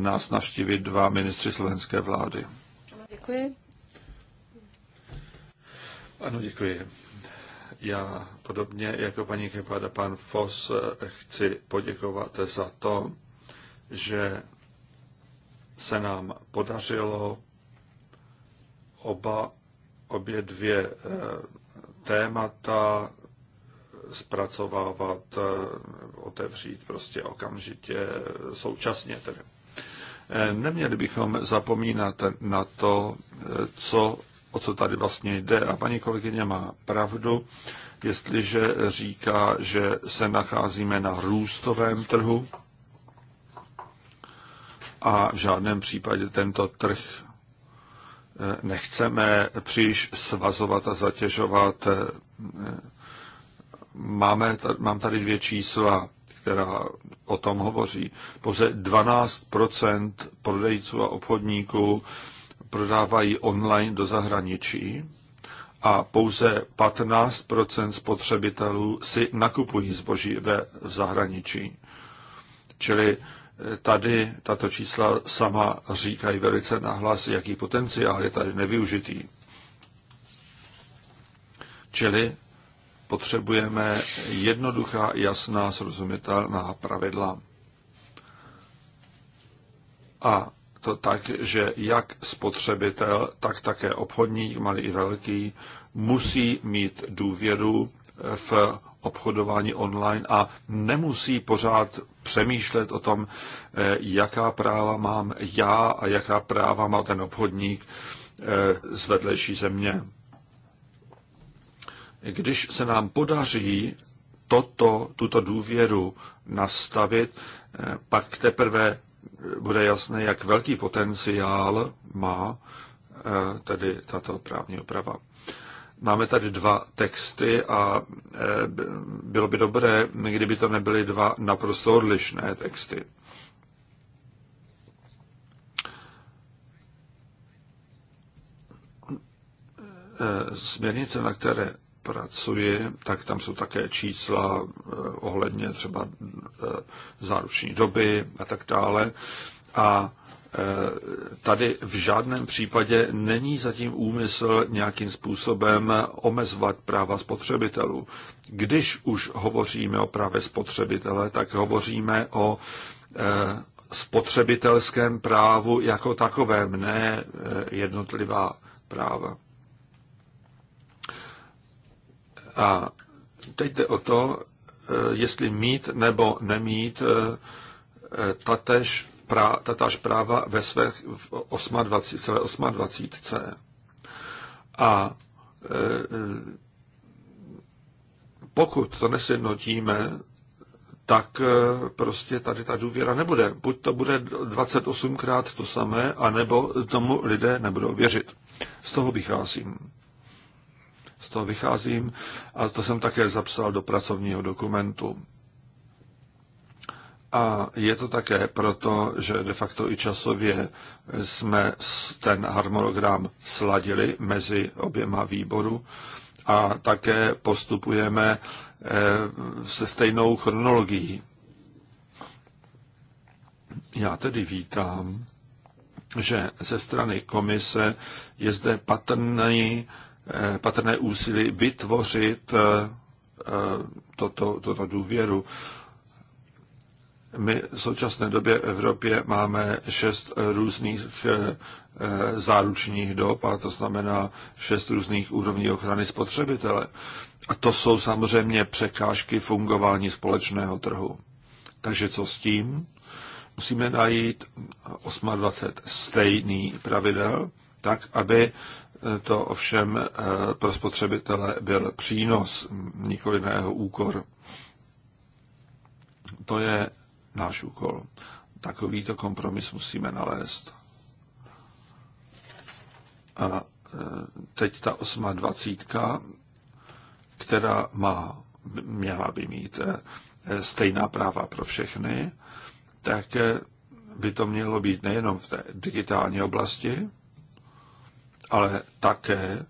nás navštívit dva ministři slovenské vlády. Děkuji. Ano, děkuji. Já podobně jako paní Kepada, pan Fos, chci poděkovat za to, že se nám podařilo oba, obě dvě eh, témata zpracovávat, eh, otevřít prostě okamžitě, současně tedy. Neměli bychom zapomínat na to, co, o co tady vlastně jde. A paní kolegyně má pravdu, jestliže říká, že se nacházíme na růstovém trhu a v žádném případě tento trh eh, nechceme příliš svazovat a zatěžovat. Eh, eh, máme, mám tady dvě čísla která o tom hovoří. Pouze 12 prodejců a obchodníků prodávají online do zahraničí a pouze 15 spotřebitelů si nakupují zboží ve zahraničí. Čili eh, tady tato čísla sama říkají velice nahlas, jaký potenciál je tady nevyužitý. Čili potřebujeme jednoduchá, jasná, srozumitelná pravidla. A to tak, že jak spotřebitel, tak také obchodník, malý i velký, musí mít důvěru v obchodování online a nemusí pořád přemýšlet o tom, eh, jaká práva mám já a jaká práva má ten obchodník eh, z vedlejší země. Když se nám podaří toto, tuto důvěru nastavit, eh, pak teprve bude jasné, jak velký potenciál má eh, tedy tato právní úprava. Máme tady dva texty a eh, bylo by dobré, kdyby to nebyly dva naprosto odlišné texty. Směrnice, na které pracuji, tak tam jsou také čísla eh, ohledně třeba eh, záruční doby a tak dále. A eh, tady v žádném případě není zatím úmysl nějakým způsobem omezovat práva spotřebitelů. Když už hovoříme o právě spotřebitele, tak hovoříme o spotřebitelském právu jako takovém, ne jednotlivá práva. A teď jde o to, eh, jestli mít nebo nemít eh, eh, tatež, prá, tatáž práva ve své 28, celé 28. A pokud to nesjednotíme, tak prostě tady ta důvěra nebude. Buď to bude 28krát to samé, anebo tomu lidé nebudou věřit. Z toho vycházím z toho vycházím a to jsem také zapsal do pracovního dokumentu. A je to také proto, že de facto i časově jsme ten harmonogram sladili mezi oběma výboru a také postupujeme eh, se stejnou chronologií. Já tedy vítám, že ze strany komise je zde patrný Eh, patrné úsilí vytvořit eh, eh, toto, toto důvěru. My v současné době v Evropě máme šest různých záručních dob, a to znamená šest různých úrovní ochrany spotřebitele. A to jsou samozřejmě překážky fungování společného trhu. Takže co s tím? Musíme najít 28 stejný pravidel, tak aby to ovšem eh, pro spotřebitele byl přínos, nikoli na jeho úkor. To je náš úkol. Takovýto kompromis musíme nalézt. A eh, teď ta osma dvacítka, která má, měla by mít eh, stejná práva pro všechny, tak by to mělo být nejenom v té digitální oblasti, ale také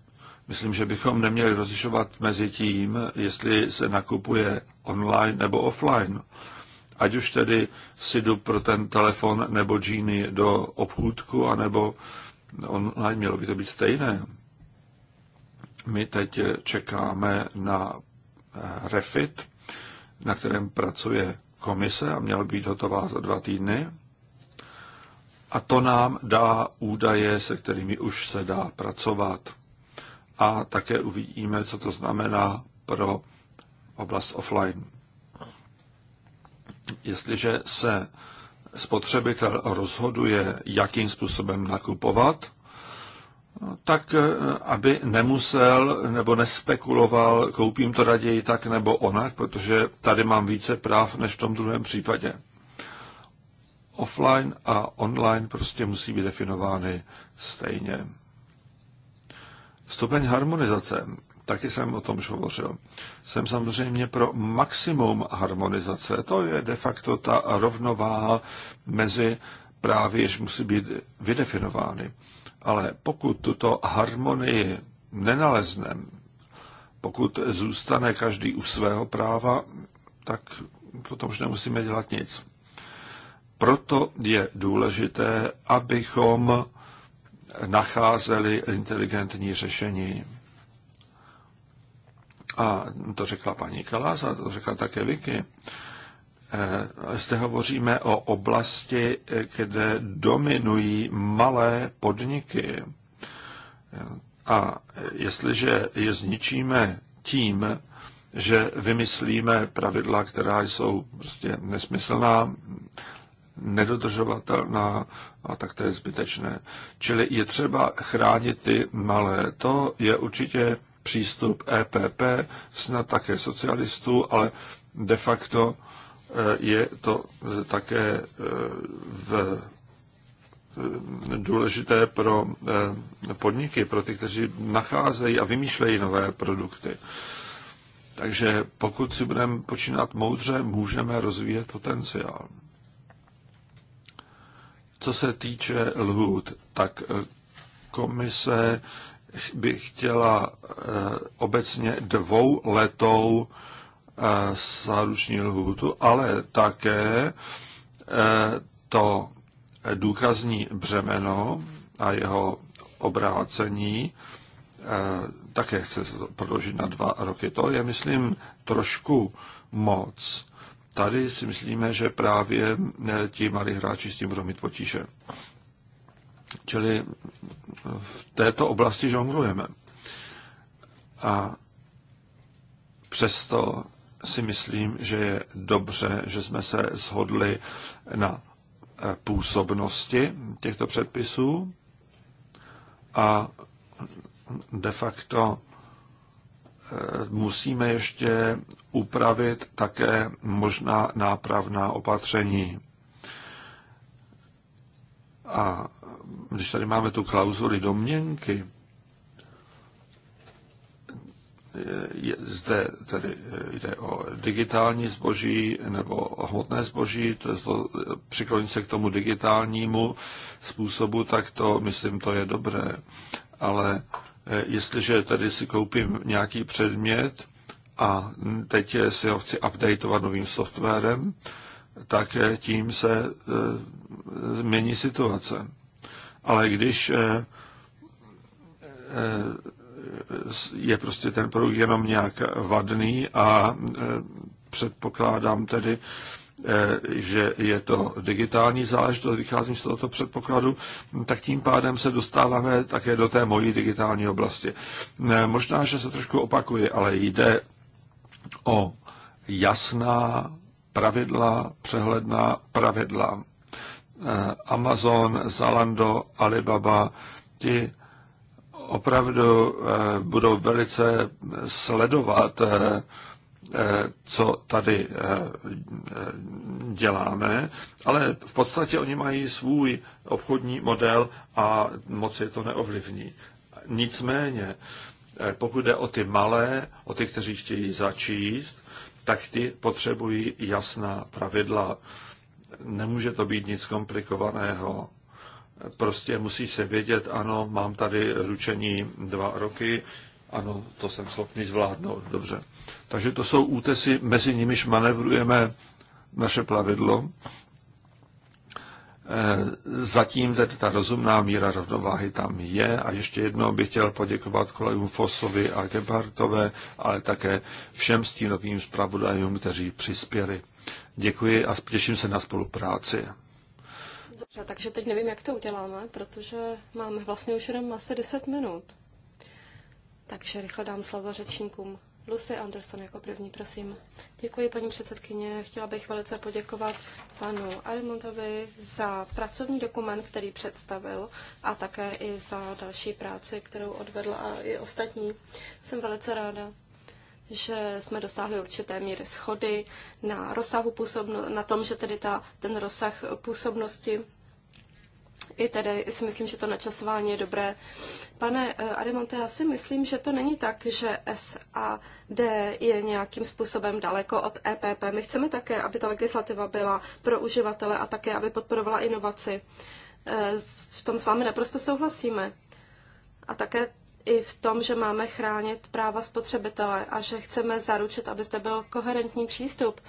myslím, že bychom neměli rozlišovat mezi tím, jestli se nakupuje online nebo offline. Ať už tedy si jdu pro ten telefon nebo džíny do obchůdku, anebo online, mělo by to být stejné. My teď čekáme na eh, refit, na kterém pracuje komise a měla být hotová za dva týdny. A to nám dá údaje, se kterými už se dá pracovat. A také uvidíme, co to znamená pro oblast offline. Jestliže se spotřebitel rozhoduje, jakým způsobem nakupovat, tak eh, aby nemusel nebo nespekuloval, koupím to raději tak nebo onak, protože tady mám více práv než v tom druhém případě offline a online prostě musí být definovány stejně. Stupeň harmonizace, taky jsem o tom už hovořil. Jsem samozřejmě pro maximum harmonizace. To je de facto ta rovnováha mezi právě, jež musí být vydefinovány. Ale pokud tuto harmonii nenalezneme, pokud zůstane každý u svého práva, tak potom už nemusíme dělat nic proto je důležité, abychom nacházeli inteligentní řešení. A to řekla paní Kalás a to řekla také Vicky. Eh, zde hovoříme o oblasti, kde dominují malé podniky. A jestliže je zničíme tím, že vymyslíme pravidla, která jsou prostě nesmyslná, nedodržovatelná a tak to je zbytečné. Čili je třeba chránit ty malé. To je určitě přístup EPP, snad také socialistů, ale de facto eh, je to eh, také eh, v důležité pro podniky, pro ty, kteří nacházejí a vymýšlejí nové produkty. Takže pokud si budeme počínat moudře, můžeme rozvíjet potenciál. Co se týče lhůt, tak eh, komise by chtěla eh, obecně dvou letou eh, záruční lhůtu, ale také to důkazní břemeno a jeho obrácení také chce prodloužit na dva roky. To je, myslím, trošku moc tady si myslíme, že právě eh, ti malí hráči s tím budou mít potíže. Čili eh, v této oblasti žonglujeme. A přesto si myslím, že je dobře, že jsme se shodli na eh, působnosti těchto předpisů a de facto musíme ještě upravit také možná nápravná opatření. A když tady máme tu klauzuli domněnky, je, zde tedy eh, jde o digitální zboží nebo hmotné zboží, to, je to přiklonit se k tomu digitálnímu způsobu, tak to, myslím, to je dobré. Ale Eh, jestliže tady si koupím nějaký předmět a teď si ho chci updateovat novým softwarem, tak eh, tím se eh, změní situace. Ale když je prostě ten produkt jenom nějak vadný a předpokládám tedy, Eh, že je to digitální záležitost, vycházím z tohoto předpokladu, tak tím pádem se dostáváme také do té mojí digitální oblasti. Možná, že se trošku opakuje, ale jde o jasná pravidla, přehledná pravidla. Eh, Amazon, Zalando, Alibaba, ti opravdu eh, budou velice sledovat Eh, co tady eh, eh, děláme, ale v podstatě oni mají svůj obchodní model a moc je to neovlivní. Nicméně, pokud jde o ty malé, o ty, kteří chtějí začíst, tak ty potřebují jasná pravidla. Nemůže to být nic komplikovaného. Prostě musí se vědět, ano, mám tady ručení dva roky, ano, to jsem schopný zvládnout, dobře. Takže to jsou útesy, mezi nimiž manevrujeme naše plavidlo. Eh, zatím tedy ta rozumná míra rovnováhy tam je a ještě jednou bych chtěl poděkovat kolegům Fosovi a Gebhartové, ale také všem stínovým zpravodajům, kteří přispěli. Děkuji a těším se na spolupráci. Dobře, takže teď nevím, jak to uděláme, protože máme vlastně už jenom asi 10 minut. Takže rychle dám slovo řečníkům. Lucy Anderson jako první, prosím. Děkuji, paní předsedkyně. Chtěla bych velice poděkovat panu Arimontovi za pracovní dokument, který představil a také i za další práci, kterou odvedl a i ostatní. Jsem velice ráda, že jsme dosáhli určité míry schody na rozsahu působno- na tom, že tedy ta, ten rozsah působnosti i tedy si myslím, že to načasování je dobré. Pane eh, Ademonte, já si myslím, že to není tak, že SAD je nějakým způsobem daleko od EPP. My chceme také, aby ta legislativa byla pro uživatele a také, aby podporovala inovaci. Eh, v tom s vámi naprosto souhlasíme. A také i v tom, že máme chránit práva spotřebitele a že chceme zaručit, aby zde byl koherentní přístup.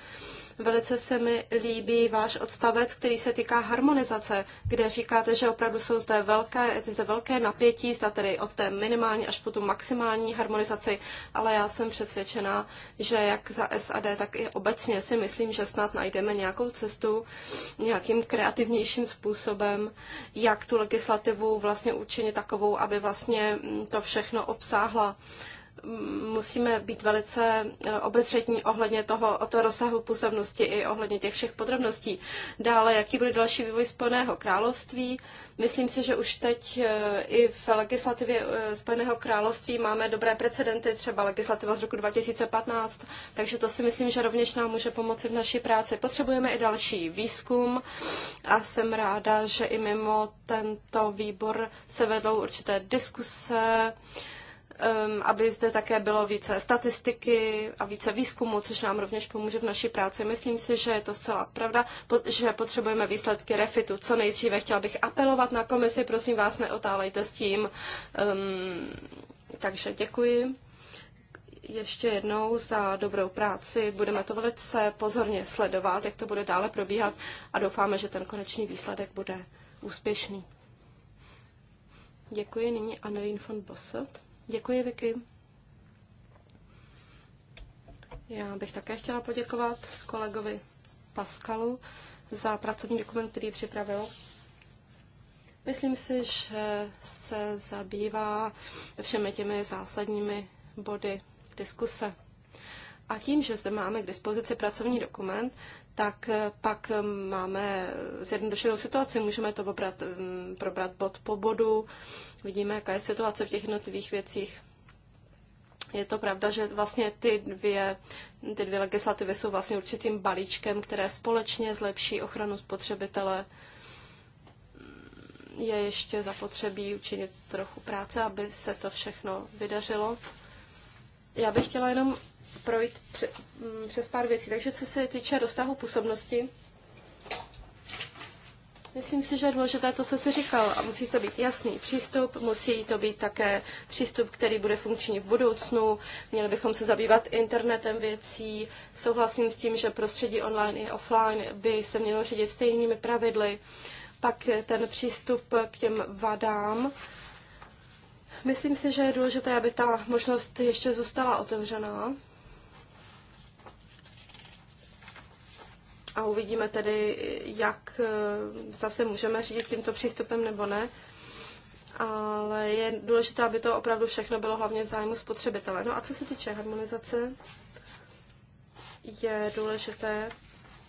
Velice se mi líbí váš odstavec, který se týká harmonizace, kde říkáte, že opravdu jsou zde velké, zde velké napětí, zda tedy od té minimální až po tu maximální harmonizaci, ale já jsem přesvědčená, že jak za SAD, tak i obecně si myslím, že snad najdeme nějakou cestu, nějakým kreativnějším způsobem, jak tu legislativu vlastně učinit takovou, aby vlastně to všechno obsáhla musíme být velice eh, obezřetní ohledně toho, o to rozsahu působnosti i ohledně těch všech podrobností. Dále, jaký bude další vývoj Spojeného království. Myslím si, že už teď eh, i v legislativě eh, Spojeného království máme dobré precedenty, třeba legislativa z roku 2015, takže to si myslím, že rovněž nám může pomoci v naší práci. Potřebujeme i další výzkum a jsem ráda, že i mimo tento výbor se vedou určité diskuse, Ehm, aby zde také bylo více statistiky a více výzkumu, což nám rovněž pomůže v naší práci. Myslím si, že je to zcela pravda, že potřebujeme výsledky refitu co nejdříve. Chtěla bych apelovat na komisi, prosím vás, neotálejte s tím. Ehm, takže děkuji ještě jednou za dobrou práci. Budeme to velice pozorně sledovat, jak to bude dále probíhat a doufáme, že ten konečný výsledek bude úspěšný. Děkuji nyní Annelien von Bosselt. Děkuji, Vicky. Já bych také chtěla poděkovat kolegovi Paskalu za pracovní dokument, který připravil. Myslím si, že se zabývá všemi těmi zásadními body diskuse. A tím, že zde máme k dispozici pracovní dokument, tak eh, pak eh, máme zjednodušenou situaci. Můžeme to obrat, mm, probrat bod po bodu. Vidíme, jaká je situace v těch jednotlivých věcích. Je to pravda, že vlastně ty dvě, ty dvě legislativy jsou vlastně určitým balíčkem, které společně zlepší ochranu spotřebitele. Je ještě zapotřebí učinit trochu práce, aby se to všechno vydařilo. Já bych chtěla jenom projít mm, přes pár věcí. Takže co se týče rozsahu působnosti, Myslím si, že je důležité to, co jsi říkal, a musí to být jasný přístup, musí to být také přístup, který bude funkční v budoucnu. Měli bychom se zabývat internetem věcí. Souhlasím s tím, že prostředí online i offline by se mělo řídit stejnými pravidly. Pak ten přístup k těm vadám. Myslím si, že je důležité, aby ta možnost ještě zůstala otevřená. a uvidíme tedy, jak eh, zase můžeme řídit tímto přístupem nebo ne. Ale je důležité, aby to opravdu všechno bylo hlavně v zájmu spotřebitele. No a co se týče harmonizace, je důležité,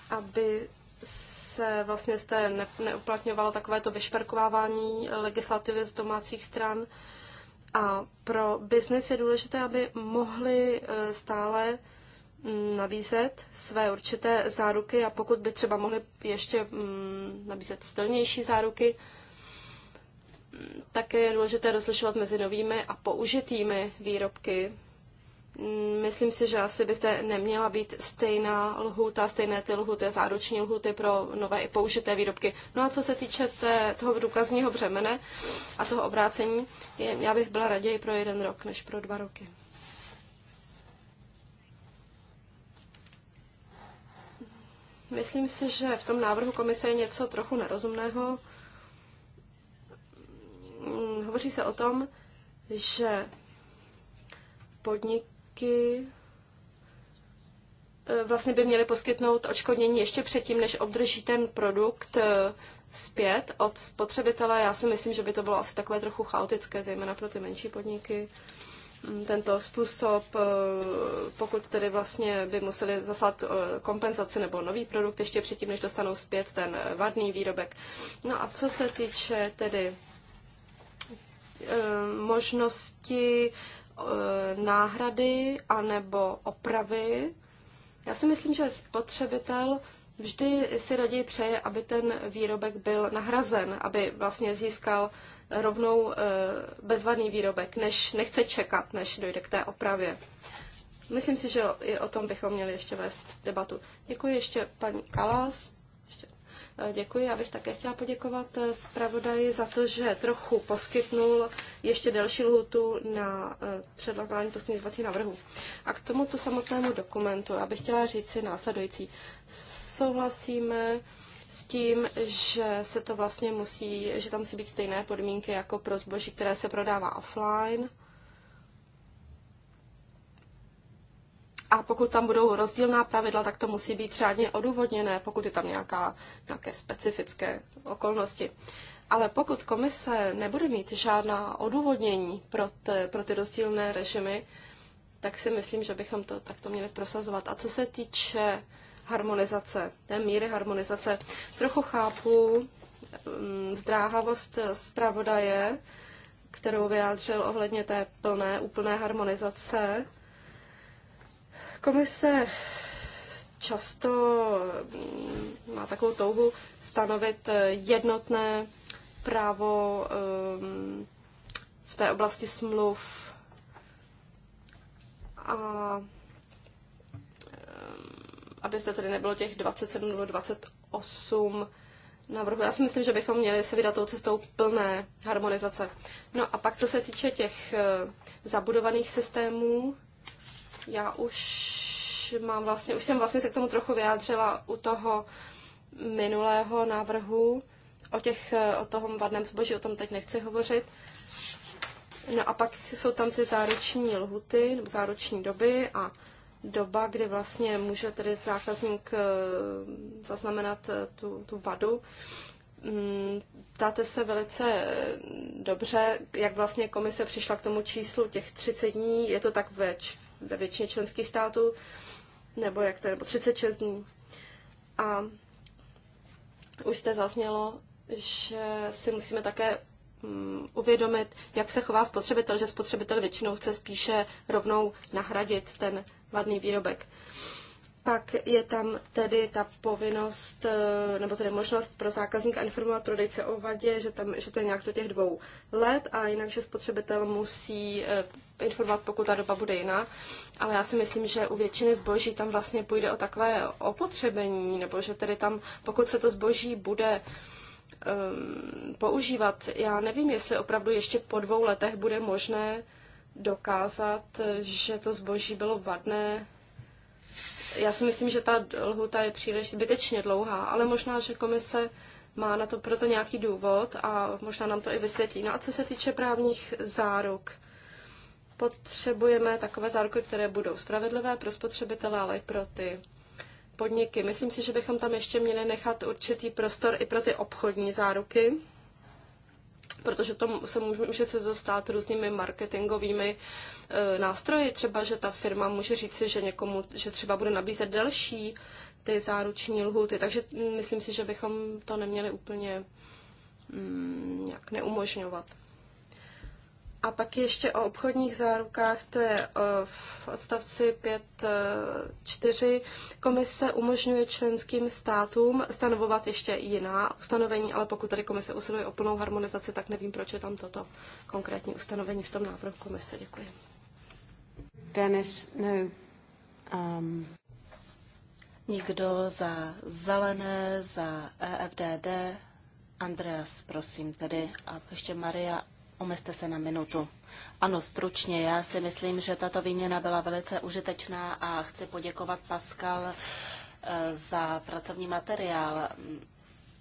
aby se vlastně jste ne, neuplatňovalo to vyšperkovávání legislativy z domácích stran. A pro biznis je důležité, aby mohli eh, stále nabízet své určité záruky a pokud by třeba mohli ještě mm, nabízet silnější záruky, také je důležité rozlišovat mezi novými a použitými výrobky. Myslím si, že asi byste neměla být stejná lhůta, stejné ty lhuty, záruční lhuty pro nové i použité výrobky. No a co se týče té, toho důkazního břemene a toho obrácení, já bych byla raději pro jeden rok než pro dva roky. Myslím si, že v tom návrhu komise je něco trochu nerozumného. Mm, hovoří se o tom, že podniky eh, vlastně by měly poskytnout očkodnění ještě předtím, než obdrží ten produkt eh, zpět od spotřebitele. Já si myslím, že by to bylo asi takové trochu chaotické, zejména pro ty menší podniky tento způsob, eh, pokud tedy vlastně by museli zaslat eh, kompenzaci nebo nový produkt ještě předtím, než dostanou zpět ten eh, vadný výrobek. No a co se týče tedy možnosti náhrady anebo opravy, já si myslím, že spotřebitel vždy si raději přeje, aby ten výrobek byl nahrazen, aby vlastně získal rovnou eh, bezvadný výrobek, než nechce čekat, než dojde k té opravě. Myslím si, že i o tom bychom měli ještě vést debatu. Děkuji ještě paní Kalas. Ještě. Eh, děkuji, já bych také chtěla poděkovat eh, zpravodaji za to, že trochu poskytnul ještě delší lhutu na předlokování posměňovacích návrhů. A k tomuto samotnému dokumentu abych chtěla říct si následující. Souhlasíme tím, že se to vlastně musí, že tam musí být stejné podmínky jako pro zboží, které se prodává offline. A pokud tam budou rozdílná pravidla, tak to musí být řádně odůvodněné, pokud je tam nějaká, nějaké specifické okolnosti. Ale pokud komise nebude mít žádná odůvodnění pro, te, pro ty rozdílné režimy, tak si myslím, že bychom to takto měli prosazovat. A co se týče harmonizace, té míry harmonizace. Trochu chápu mm, zdráhavost zpravodaje, kterou vyjádřil ohledně té plné, úplné harmonizace. Komise často mm, má takovou touhu stanovit jednotné právo mm, v té oblasti smluv a aby se tedy nebylo těch 27 nebo 28 navrhu. Já si myslím, že bychom měli se vydat tou cestou plné harmonizace. No a pak, co se týče těch eh, zabudovaných systémů, já už mám vlastně, už jsem vlastně se k tomu trochu vyjádřila u toho minulého návrhu, o, těch, eh, o tom vadném zboží, o tom teď nechci hovořit. No a pak jsou tam ty záruční lhuty, nebo záruční doby a doba, kdy vlastně může tedy zákazník eh, zaznamenat eh, tu, tu vadu. Mm, ptáte se velice eh, dobře, jak vlastně komise přišla k tomu číslu těch 30 dní. Je to tak ve, ve většině členských států, nebo jak to je, nebo 36 dní. A už jste zaznělo, že si musíme také mm, uvědomit, jak se chová spotřebitel, že spotřebitel většinou chce spíše rovnou nahradit ten vadný výrobek. Pak je tam tedy ta povinnost, eh, nebo tedy možnost pro zákazníka informovat prodejce o vadě, že, tam, že to je nějak do těch dvou let a jinak, že spotřebitel musí eh, informovat, pokud ta doba bude jiná. Ale já si myslím, že u většiny zboží tam vlastně půjde o takové opotřebení, nebo že tedy tam, pokud se to zboží bude um, používat, já nevím, jestli opravdu ještě po dvou letech bude možné dokázat, že to zboží bylo vadné. Já si myslím, že ta lhuta je příliš zbytečně dlouhá, ale možná, že komise má na to proto nějaký důvod a možná nám to i vysvětlí. No a co se týče právních záruk, potřebujeme takové záruky, které budou spravedlivé pro spotřebitele, ale i pro ty podniky. Myslím si, že bychom tam ještě měli nechat určitý prostor i pro ty obchodní záruky protože to se může, může se dostat různými marketingovými e, nástroji. Třeba, že ta firma může říci, že někomu, že třeba bude nabízet delší ty záruční lhuty. Takže mm, myslím si, že bychom to neměli úplně mm, jak neumožňovat. A pak ještě o obchodních zárukách, to je eh, v odstavci 5.4. Eh, komise umožňuje členským státům stanovovat ještě jiná ustanovení, ale pokud tady komise usiluje o plnou harmonizaci, tak nevím, proč je tam toto konkrétní ustanovení v tom návrhu komise. Děkuji. Dennis, no. Um... Nikdo za zelené, za EFDD. Andreas, prosím tedy, a ještě Maria omezte se na minutu. Ano, stručně. Já si myslím, že tato výměna byla velice užitečná a chci poděkovat Pascal eh, za pracovní materiál.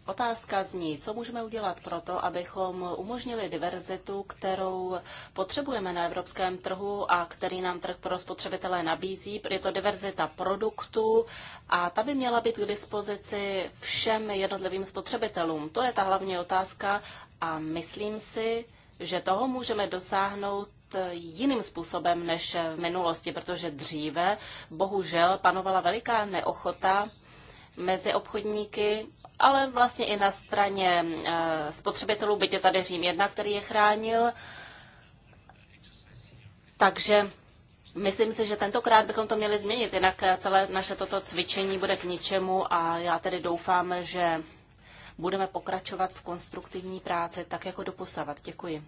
Otázka zní, co můžeme udělat pro to, abychom umožnili diverzitu, kterou potřebujeme na evropském trhu a který nám trh pro spotřebitelé nabízí. Je to diverzita produktů a ta by měla být k dispozici všem jednotlivým spotřebitelům. To je ta hlavní otázka a myslím si, že toho můžeme dosáhnout jiným způsobem než v minulosti, protože dříve bohužel panovala veliká neochota mezi obchodníky, ale vlastně i na straně eh, spotřebitelů, byť je tady Řím jedna, který je chránil. Takže myslím si, že tentokrát bychom to měli změnit, jinak eh, celé naše toto cvičení bude k ničemu a já tedy doufám, že budeme pokračovat v konstruktivní práci, tak jako doposavat. Děkuji.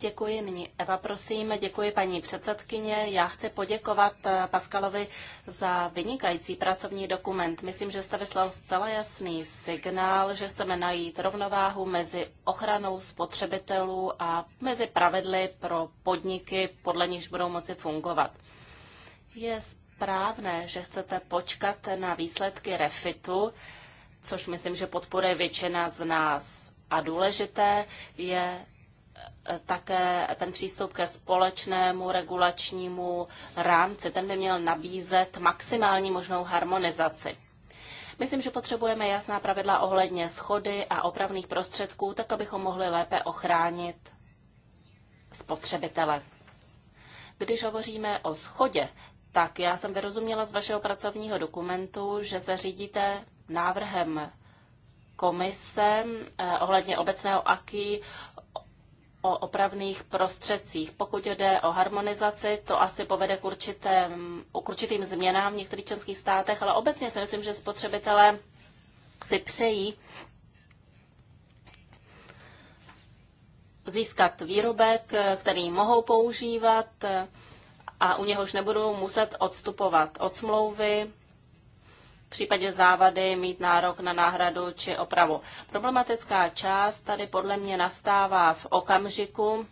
Děkuji. Nyní Eva, prosím. Děkuji paní předsedkyně. Já chci poděkovat eh, Paskalovi za vynikající pracovní dokument. Myslím, že jste vyslal zcela jasný signál, že chceme najít rovnováhu mezi ochranou spotřebitelů a mezi pravidly pro podniky, podle nichž budou moci fungovat. Je správné, že chcete počkat na výsledky refitu, což myslím, že podporuje většina z nás. A důležité je eh, také ten přístup ke společnému regulačnímu rámci. Ten by měl nabízet maximální možnou harmonizaci. Myslím, že potřebujeme jasná pravidla ohledně schody a opravných prostředků, tak abychom mohli lépe ochránit spotřebitele. Když hovoříme o schodě, tak já jsem vyrozuměla z vašeho pracovního dokumentu, že se řídíte návrhem komise eh, ohledně obecného AKI o opravných prostředcích. Pokud jde o harmonizaci, to asi povede k, určitém, k určitým změnám v některých členských státech, ale obecně si myslím, že spotřebitelé si přejí získat výrobek, který mohou používat eh, a u něhož nebudou muset odstupovat od smlouvy v případě závady mít nárok na náhradu či opravu. Problematická část tady podle mě nastává v okamžiku,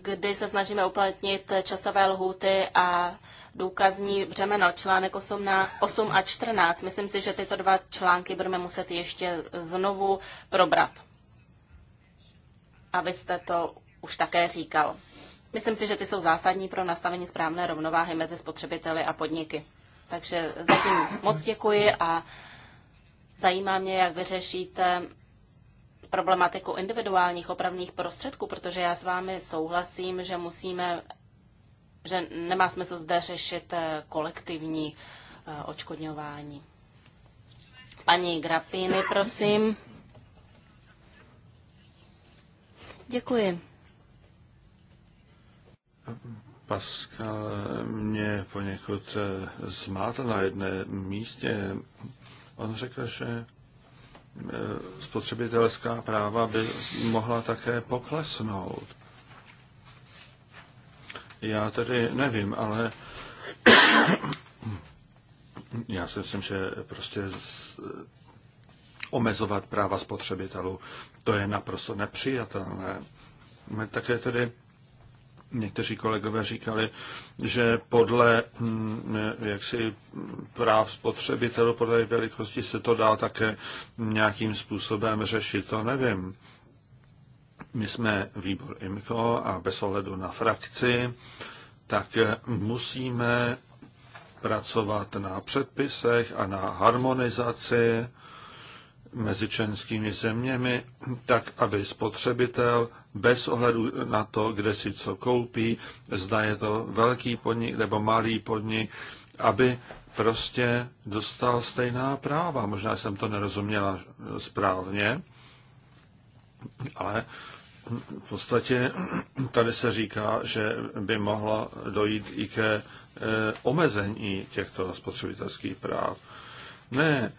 kdy se snažíme uplatnit časové lhůty a důkazní břemeno, článek 8, na, 8 a 14. Myslím si, že tyto dva články budeme muset ještě znovu probrat. A vy jste to už také říkal. Myslím si, že ty jsou zásadní pro nastavení správné rovnováhy mezi spotřebiteli a podniky. Takže zatím moc děkuji a zajímá mě, jak vyřešíte problematiku individuálních opravných prostředků, protože já s vámi souhlasím, že musíme, že nemá smysl zde řešit eh, kolektivní eh, očkodňování. Paní Grapiny, prosím. Děkuji. Pascal mě poněkud eh, zmátl na jedné místě. On řekl, že eh, spotřebitelská práva by mohla také poklesnout. Já tedy nevím, ale já si myslím, že prostě z... Eh, omezovat práva spotřebitelů, to je naprosto nepřijatelné. Také tedy někteří kolegové říkali, že podle mm, jaksi práv spotřebitelů, podle velikosti se to dá také nějakým způsobem řešit, to nevím. My jsme výbor IMCO a bez ohledu na frakci, tak musíme pracovat na předpisech a na harmonizaci mezi členskými zeměmi, tak aby spotřebitel bez ohledu na to, kde si co koupí, zda je to velký podnik nebo malý podnik, aby prostě dostal stejná práva. Možná jsem to nerozuměla správně, ale v podstatě tady se říká, že by mohla dojít i ke eh, omezení těchto spotřebitelských práv. Ne,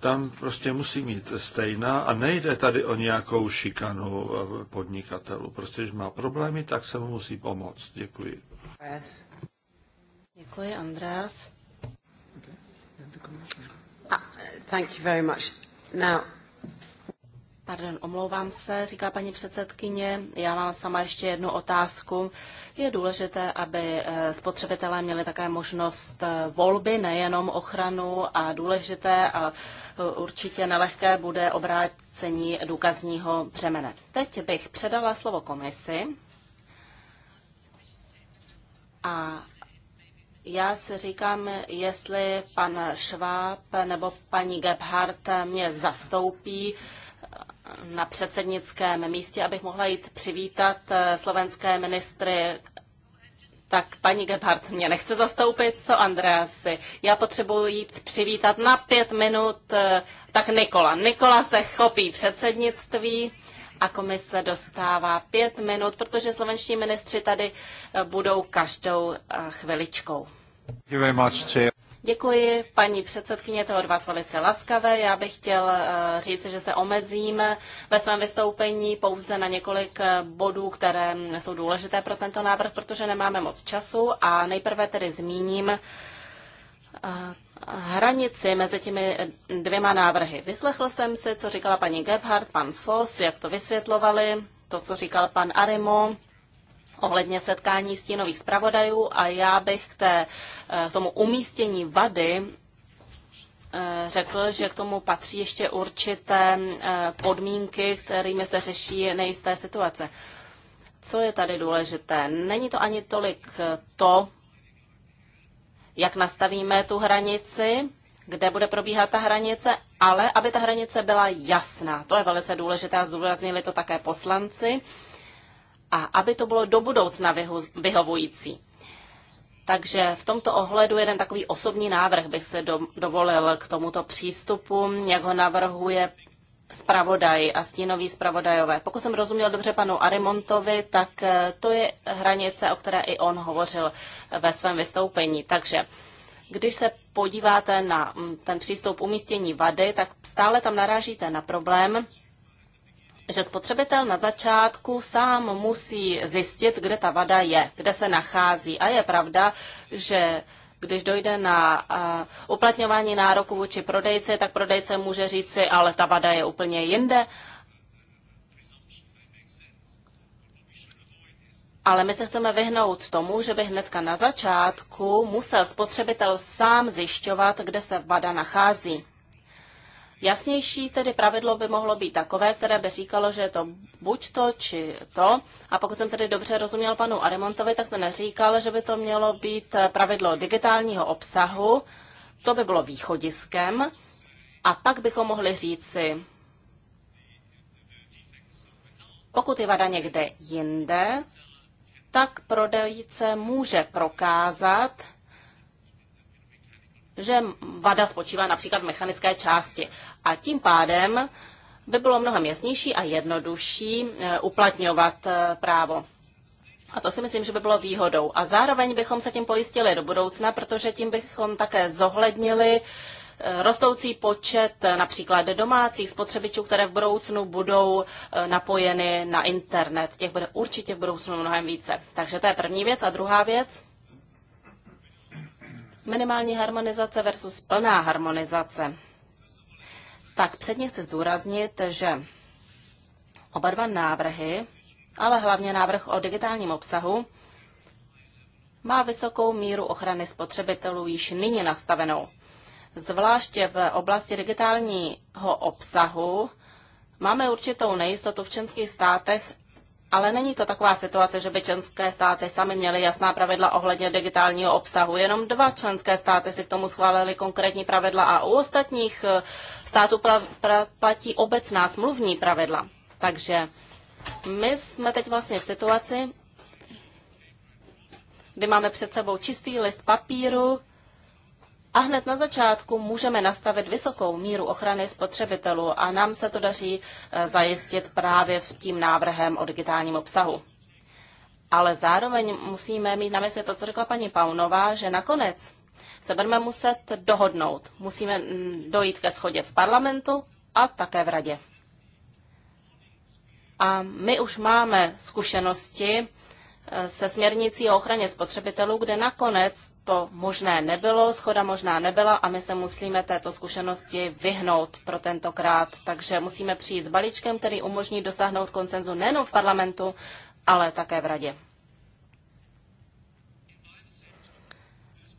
tam prostě musí mít stejná a nejde tady o nějakou šikanu eh, podnikatelů. Prostě, když má problémy, tak se mu musí pomoct. Děkuji. Děkuji, Andreas. Ah, thank you very much. Now, Pardon, omlouvám se, říká paní předsedkyně. Já mám sama ještě jednu otázku. Je důležité, aby eh, spotřebitelé měli také možnost eh, volby, nejenom ochranu a důležité a eh, určitě nelehké bude obrácení důkazního břemene. Teď bych předala slovo komisi a já si říkám, jestli pan Šváb nebo paní Gebhardt mě zastoupí, na předsednickém místě, abych mohla jít přivítat eh, slovenské ministry. Tak paní Gebhardt mě nechce zastoupit, co Andreasi? Já potřebuji jít přivítat na pět minut. Eh, tak Nikola. Nikola se chopí předsednictví a komise dostává pět minut, protože slovenští ministři tady eh, budou každou chviličkou. Děkuji, paní předsedkyně, to od vás velice laskavé. Já bych chtěl eh, říct, že se omezím ve svém vystoupení pouze na několik eh, bodů, které jsou důležité pro tento návrh, protože nemáme moc času a nejprve tedy zmíním eh, hranici mezi těmi dvěma návrhy. Vyslechl jsem si, co říkala paní Gebhardt, pan Foss, jak to vysvětlovali, to, co říkal pan Arimo, ohledně setkání stínových zpravodajů a já bych k, té, eh, k tomu umístění vady eh, řekl, že k tomu patří ještě určité eh, podmínky, kterými se řeší nejisté situace. Co je tady důležité? Není to ani tolik to, jak nastavíme tu hranici, kde bude probíhat ta hranice, ale aby ta hranice byla jasná. To je velice důležité a zdůraznili to také poslanci a aby to bylo do budoucna vyhovující. Takže v tomto ohledu jeden takový osobní návrh bych se do, dovolil k tomuto přístupu, jak ho navrhuje zpravodaj a stínoví zpravodajové. Pokud jsem rozuměl dobře panu Arimontovi, tak eh, to je hranice, o které i on hovořil eh, ve svém vystoupení. Takže když se podíváte na mm, ten přístup umístění vady, tak stále tam narážíte na problém, že spotřebitel na začátku sám musí zjistit, kde ta vada je, kde se nachází. A je pravda, že když dojde na uplatňování nároku vůči prodejci, tak prodejce může říci, ale ta vada je úplně jinde. Ale my se chceme vyhnout tomu, že by hnedka na začátku musel spotřebitel sám zjišťovat, kde se vada nachází. Jasnější tedy pravidlo by mohlo být takové, které by říkalo, že je to buď to, či to. A pokud jsem tedy dobře rozuměl panu Arimontovi, tak to neříkal, že by to mělo být pravidlo digitálního obsahu. To by bylo východiskem. A pak bychom mohli říci, pokud je vada někde jinde, tak prodejce může prokázat, že vada spočívá například v mechanické části. A tím pádem by bylo mnohem jasnější a jednodušší eh, uplatňovat eh, právo. A to si myslím, že by bylo výhodou. A zároveň bychom se tím pojistili do budoucna, protože tím bychom také zohlednili eh, rostoucí počet například domácích spotřebičů, které v budoucnu budou napojeny na internet. Těch bude určitě v budoucnu mnohem více. Takže to je první věc. A druhá věc, Minimální harmonizace versus plná harmonizace. Tak předně chci zdůraznit, že oba dva návrhy, ale hlavně návrh o digitálním obsahu, má vysokou míru ochrany spotřebitelů již nyní nastavenou. Zvláště v oblasti digitálního obsahu máme určitou nejistotu v členských státech ale není to taková situace, že by členské státy sami měly jasná pravidla ohledně digitálního obsahu. Jenom dva členské státy si k tomu schválili konkrétní pravidla a u ostatních eh, států platí obecná smluvní pravidla. Takže my jsme teď vlastně v situaci, kdy máme před sebou čistý list papíru, a hned na začátku můžeme nastavit vysokou míru ochrany spotřebitelů a nám se to daří eh, zajistit právě v tím návrhem o digitálním obsahu. Ale zároveň musíme mít na mysli to, co řekla paní Paunová, že nakonec se budeme muset dohodnout. Musíme mm, dojít ke schodě v parlamentu a také v radě. A my už máme zkušenosti eh, se směrnicí o ochraně spotřebitelů, kde nakonec to možné nebylo, schoda možná nebyla a my se musíme této zkušenosti vyhnout pro tentokrát. Takže musíme přijít s balíčkem, který umožní dosáhnout konsenzu nejen v parlamentu, ale také v radě.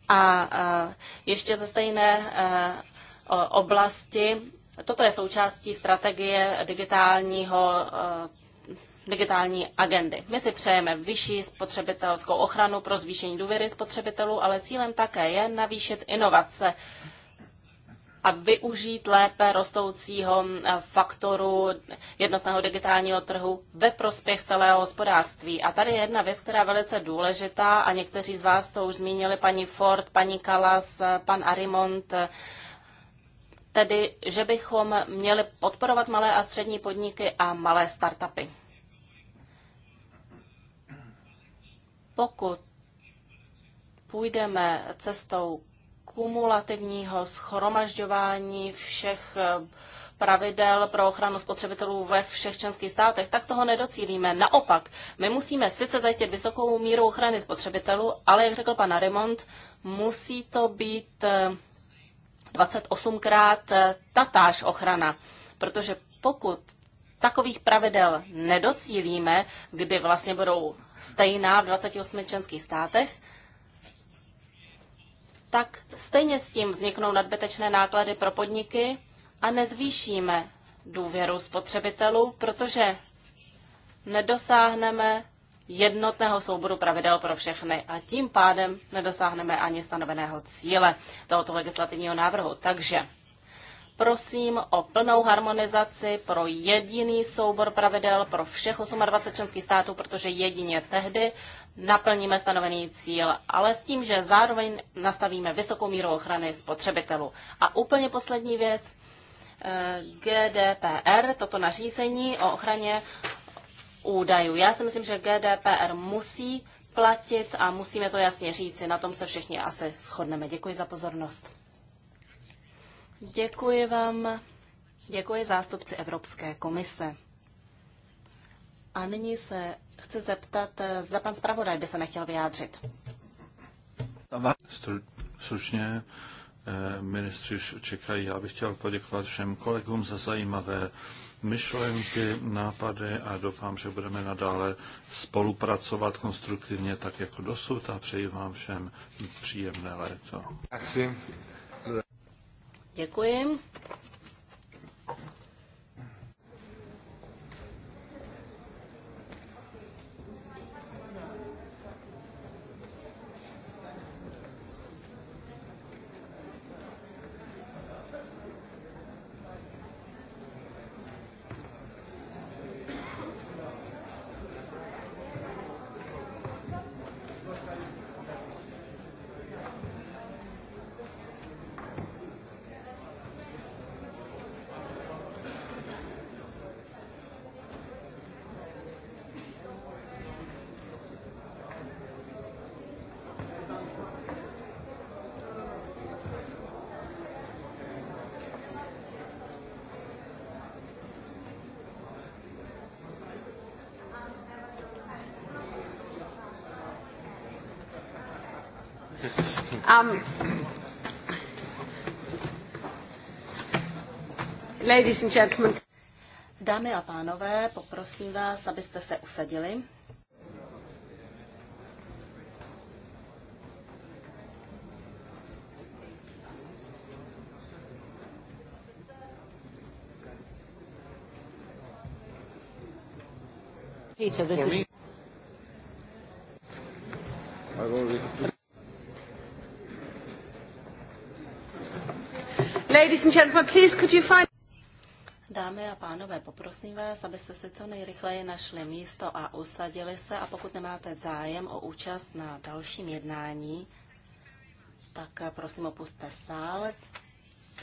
A ještě ze stejné oblasti, toto je součástí strategie digitálního digitální agendy. My si přejeme vyšší spotřebitelskou ochranu pro zvýšení důvěry spotřebitelů, ale cílem také je navýšit inovace a využít lépe rostoucího faktoru jednotného digitálního trhu ve prospěch celého hospodářství. A tady je jedna věc, která je velice důležitá a někteří z vás to už zmínili, paní Ford, paní Kalas, pan Arimont, tedy, že bychom měli podporovat malé a střední podniky a malé startupy. pokud půjdeme cestou kumulativního schromažďování všech eh, pravidel pro ochranu spotřebitelů ve všech členských státech, tak toho nedocílíme. Naopak, my musíme sice zajistit vysokou míru ochrany spotřebitelů, ale jak řekl pan Arimont, musí to být 28krát eh, eh, tatáž ochrana, protože pokud takových pravidel nedocílíme, kdy vlastně budou stejná v 28 členských státech, tak stejně s tím vzniknou nadbytečné náklady pro podniky a nezvýšíme důvěru spotřebitelů, protože nedosáhneme jednotného souboru pravidel pro všechny a tím pádem nedosáhneme ani stanoveného cíle tohoto legislativního návrhu. Takže prosím o plnou harmonizaci pro jediný soubor pravidel pro všech 28 členských států, protože jedině tehdy naplníme stanovený cíl, ale s tím, že zároveň nastavíme vysokou míru ochrany spotřebitelů. A úplně poslední věc, eh, GDPR, toto nařízení o ochraně údajů. Já si myslím, že GDPR musí platit a musíme to jasně říci. Na tom se všichni asi shodneme. Děkuji za pozornost. Děkuji vám. Děkuji zástupci Evropské komise. A nyní se chci zeptat, zda pan zpravodaj by se nechtěl vyjádřit. Stručně eh, ministři čekají. Já bych chtěl poděkovat všem kolegům za zajímavé myšlenky, nápady a doufám, že budeme nadále spolupracovat konstruktivně tak jako dosud a přeji vám všem příjemné léto. Děkuji. Děkuji. Um, ladies and gentlemen. Dámy a pánové, poprosím vás, abyste se usadili. Peter, this is Ladies and gentlemen, please could you find... Dámy a pánové, poprosím vás, abyste se co nejrychleji našli místo a usadili se a pokud nemáte zájem o účast na dalším jednání, tak eh, prosím opuste sál.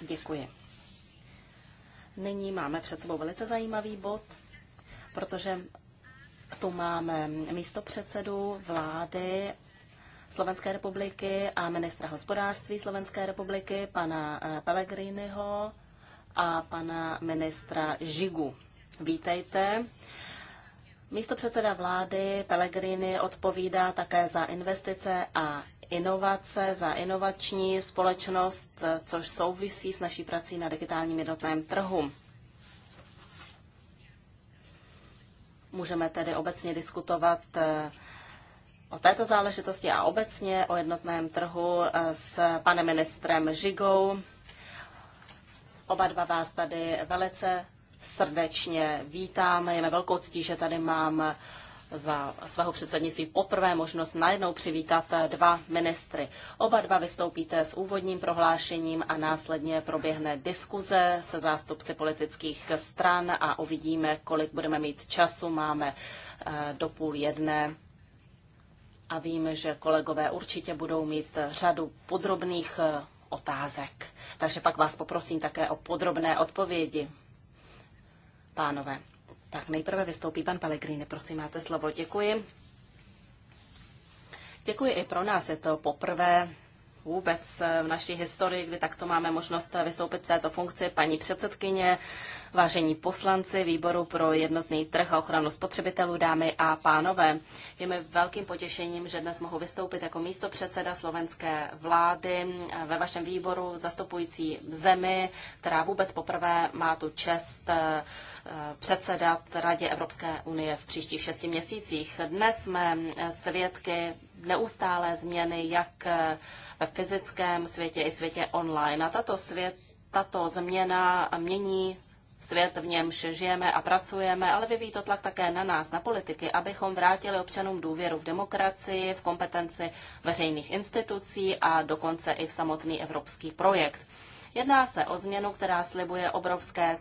Děkuji. Nyní máme před sebou velice zajímavý bod, protože tu máme místo předsedu vlády Slovenské republiky a ministra hospodářství Slovenské republiky, pana eh, Pellegriniho a pana ministra Žigu. Vítejte. Místo předseda vlády Pellegrini odpovídá také za investice a inovace, za inovační společnost, eh, což souvisí s naší prací na digitálním jednotném trhu. Můžeme tedy obecně diskutovat eh, o této záležitosti a obecně o jednotném trhu eh, s panem ministrem Žigou. Oba dva vás tady velice srdečně vítám. Je mi velkou ctí, že tady mám za svého předsednictví poprvé možnost najednou přivítat eh, dva ministry. Oba dva vystoupíte s úvodním prohlášením a následně proběhne diskuze se zástupci politických stran a uvidíme, kolik budeme mít času. Máme eh, do půl jedné a vím, že kolegové určitě budou mít řadu podrobných eh, otázek. Takže pak vás poprosím také o podrobné odpovědi. Pánové, tak nejprve vystoupí pan Pellegrini, prosím, máte slovo. Děkuji. Děkuji i pro nás. Je to poprvé vůbec eh, v naší historii, kdy takto máme možnost eh, vystoupit v této funkci. Paní předsedkyně vážení poslanci Výboru pro jednotný trh a ochranu spotřebitelů, dámy a pánové. Je mi velkým potěšením, že dnes mohu vystoupit jako místo předseda slovenské vlády ve vašem výboru zastupující zemi, která vůbec poprvé má tu čest eh, předsedat Radě Evropské unie v příštích šesti měsících. Dnes jsme svědky neustálé změny jak eh, ve fyzickém světě i světě online. A tato svět tato změna mění svět, v němž žijeme a pracujeme, ale vyvíjí to tlak také na nás, na politiky, abychom vrátili občanům důvěru v demokracii, v kompetenci veřejných institucí a dokonce i v samotný evropský projekt. Jedná se o změnu, která slibuje obrovské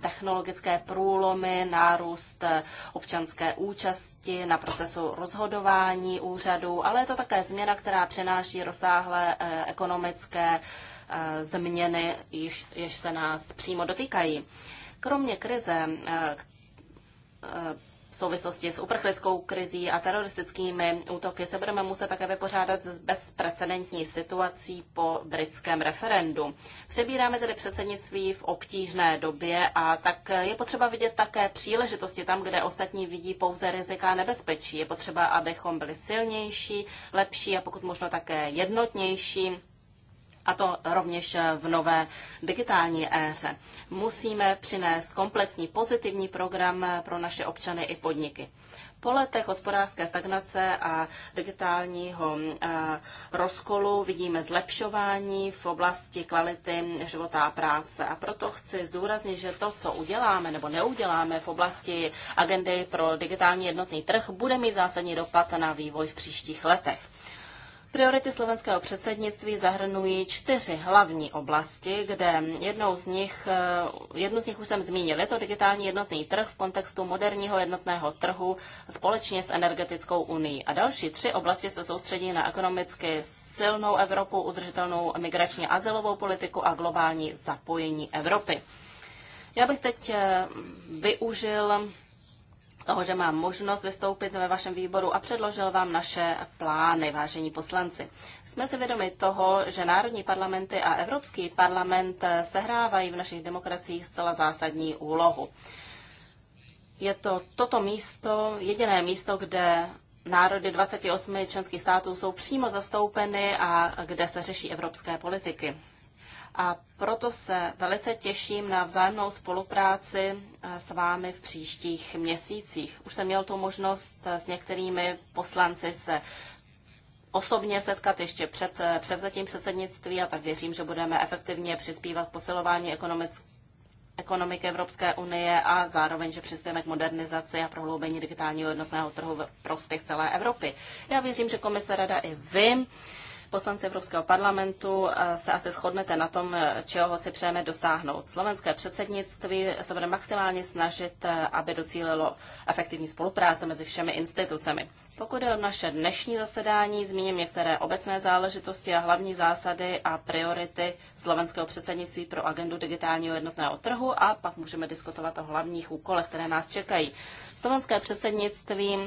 technologické průlomy, nárůst občanské účasti na procesu rozhodování úřadů, ale je to také změna, která přenáší rozsáhlé eh, ekonomické eh, změny, jež, jež se nás přímo dotýkají. Kromě krize eh, eh, v souvislosti s uprchlickou krizí a teroristickými útoky se budeme muset také vypořádat s bezprecedentní situací po britském referendu. Přebíráme tedy předsednictví v obtížné době a tak je potřeba vidět také příležitosti tam, kde ostatní vidí pouze rizika a nebezpečí. Je potřeba, abychom byli silnější, lepší a pokud možno také jednotnější a to rovněž v nové digitální éře. Musíme přinést komplexní pozitivní program pro naše občany i podniky. Po letech hospodářské stagnace a digitálního eh, rozkolu vidíme zlepšování v oblasti kvality života a práce. A proto chci zdůraznit, že to, co uděláme nebo neuděláme v oblasti agendy pro digitální jednotný trh, bude mít zásadní dopad na vývoj v příštích letech. Priority slovenského předsednictví zahrnují čtyři hlavní oblasti, kde jednou z nich, eh, jednu z nich už jsem zmínil. Je to digitální jednotný trh v kontextu moderního jednotného trhu společně s energetickou unii. A další tři oblasti se soustředí na ekonomicky silnou Evropu, udržitelnou migračně azylovou politiku a globální zapojení Evropy. Já bych teď eh, využil toho, že mám možnost vystoupit ve vašem výboru a předložil vám naše plány, vážení poslanci. Jsme si vědomi toho, že národní parlamenty a Evropský parlament sehrávají v našich demokraciích zcela zásadní úlohu. Je to toto místo, jediné místo, kde národy 28 členských států jsou přímo zastoupeny a kde se řeší evropské politiky a proto se velice těším na vzájemnou spolupráci eh, s vámi v příštích měsících. Už jsem měl tu možnost eh, s některými poslanci se osobně setkat ještě před eh, převzetím předsednictví a tak věřím, že budeme efektivně přispívat posilování ekonomické ekonomiky Evropské unie a zároveň, že přispějeme k modernizaci a prohloubení digitálního jednotného trhu v prospěch celé Evropy. Já věřím, že komise rada i vy poslanci Evropského parlamentu eh, se asi shodnete na tom, eh, čeho si přejeme dosáhnout. Slovenské předsednictví se bude maximálně snažit, eh, aby docílilo efektivní spolupráce mezi všemi institucemi. Pokud je o naše dnešní zasedání, zmíním některé obecné záležitosti a hlavní zásady a priority slovenského předsednictví pro agendu digitálního jednotného trhu a pak můžeme diskutovat o hlavních úkolech, které nás čekají. Slovenské předsednictví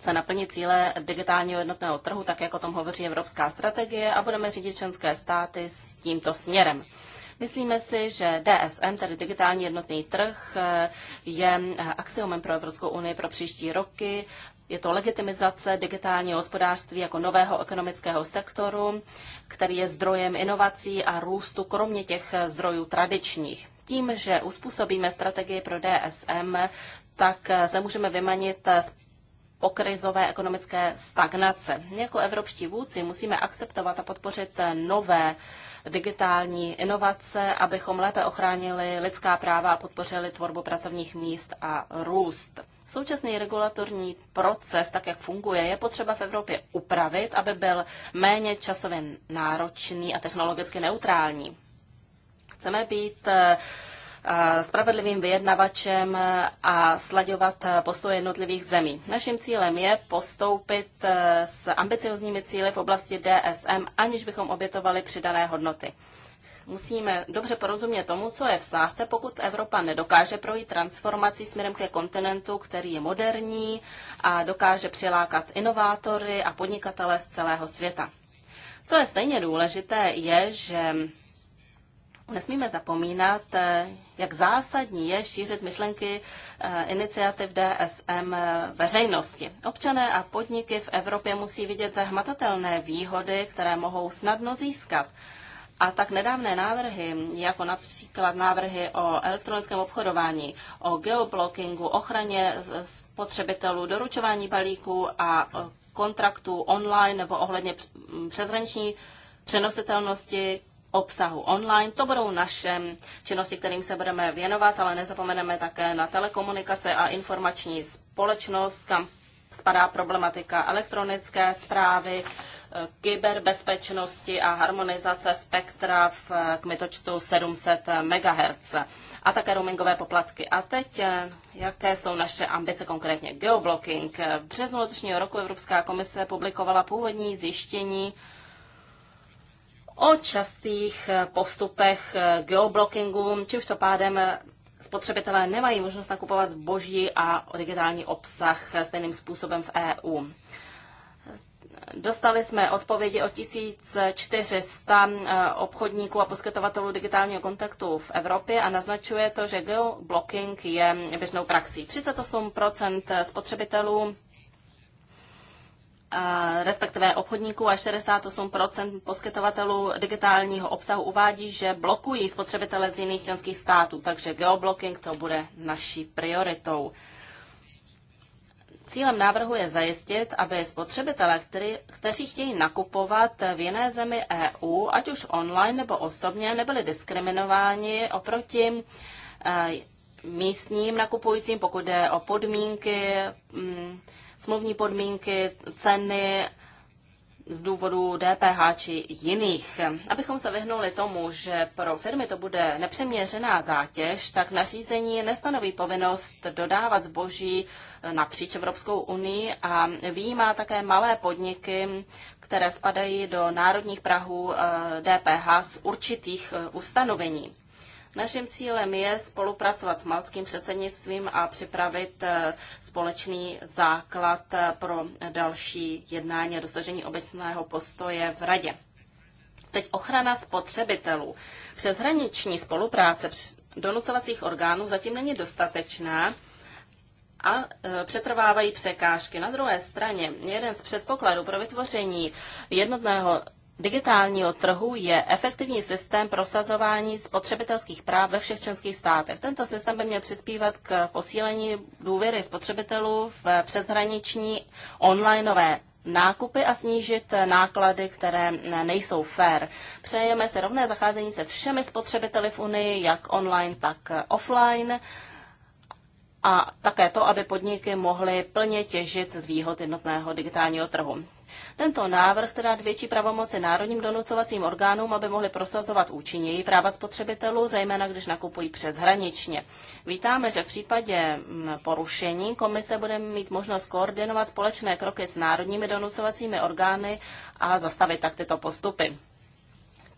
chce naplnit cíle digitálního jednotného trhu, tak jako o tom hovoří Evropská strategie a budeme řídit členské státy s tímto směrem. Myslíme si, že DSM, tedy digitální jednotný trh, je axiomem pro Evropskou unii pro příští roky. Je to legitimizace digitálního hospodářství jako nového ekonomického sektoru, který je zdrojem inovací a růstu, kromě těch zdrojů tradičních. Tím, že uspůsobíme strategii pro DSM, tak se můžeme vymanit z pokrizové ekonomické stagnace. My jako evropští vůdci musíme akceptovat a podpořit nové digitální inovace, abychom lépe ochránili lidská práva a podpořili tvorbu pracovních míst a růst. Současný regulatorní proces, tak jak funguje, je potřeba v Evropě upravit, aby byl méně časově náročný a technologicky neutrální. Chceme být eh, Eh, spravedlivým vyjednavačem a sladěvat postoje jednotlivých zemí. Naším cílem je postoupit eh, s ambiciozními cíly v oblasti DSM, aniž bychom obětovali přidané hodnoty. Musíme dobře porozumět tomu, co je v sázce, pokud Evropa nedokáže projít transformací směrem ke kontinentu, který je moderní a dokáže přilákat inovátory a podnikatele z celého světa. Co je stejně důležité, je, že Nesmíme zapomínat, eh, jak zásadní je šířit myšlenky eh, iniciativ DSM eh, veřejnosti. Občané a podniky v Evropě musí vidět hmatatelné výhody, které mohou snadno získat. A tak nedávné návrhy, jako například návrhy o elektronickém obchodování, o geoblockingu, ochraně spotřebitelů, doručování balíků a kontraktů online nebo ohledně přeshraniční přenositelnosti obsahu online. To budou naše činnosti, kterým se budeme věnovat, ale nezapomeneme také na telekomunikace a informační společnost, kam spadá problematika elektronické zprávy, eh, kyberbezpečnosti a harmonizace spektra v eh, kmitočtu 700 MHz a také roamingové poplatky. A teď, eh, jaké jsou naše ambice, konkrétně geoblocking? V březnu letošního roku Evropská komise publikovala původní zjištění o častých eh, postupech eh, geoblockingu, čímž to pádem eh, spotřebitelé nemají možnost nakupovat zboží a digitální obsah stejným způsobem v EU. Dostali jsme odpovědi o 1400 obchodníků a poskytovatelů digitálního kontaktu v Evropě a naznačuje to, že geoblocking je běžnou praxí. 38 spotřebitelů respektive obchodníků a 68 poskytovatelů digitálního obsahu uvádí, že blokují spotřebitele z jiných členských států, takže geoblocking to bude naší prioritou. Cílem návrhu je zajistit, aby spotřebitelé, který, kteří chtějí nakupovat v jiné zemi EU, ať už online nebo osobně, nebyli diskriminováni oproti eh, místním nakupujícím, pokud jde o podmínky, mm, smluvní podmínky, ceny z důvodu DPH či jiných. Abychom se vyhnuli tomu, že pro firmy to bude nepřeměřená zátěž, tak nařízení nestanoví povinnost dodávat zboží napříč Evropskou unii a výjímá také malé podniky, které spadají do národních prahů DPH eh, z určitých eh, ustanovení. Naším cílem je spolupracovat s malckým předsednictvím a připravit eh, společný základ eh, pro další jednání a dosažení obecného postoje v Radě. Teď ochrana spotřebitelů. Přeshraniční spolupráce donucovacích orgánů zatím není dostatečná a eh, přetrvávají překážky. Na druhé straně jeden z předpokladů pro vytvoření jednotného digitálního trhu je efektivní systém prosazování spotřebitelských práv ve všech členských státech. Tento systém by měl přispívat k posílení důvěry spotřebitelů v přeshraniční onlineové nákupy a snížit náklady, které nejsou fair. Přejeme se rovné zacházení se všemi spotřebiteli v Unii, jak online, tak offline a také to, aby podniky mohly plně těžit z výhod jednotného digitálního trhu. Tento návrh teda větší pravomoci národním donucovacím orgánům, aby mohli prosazovat účinněji práva spotřebitelů, zejména když nakupují přeshraničně. Vítáme, že v případě mm, porušení komise bude mít možnost koordinovat společné kroky s národními donucovacími orgány a zastavit tak tyto postupy.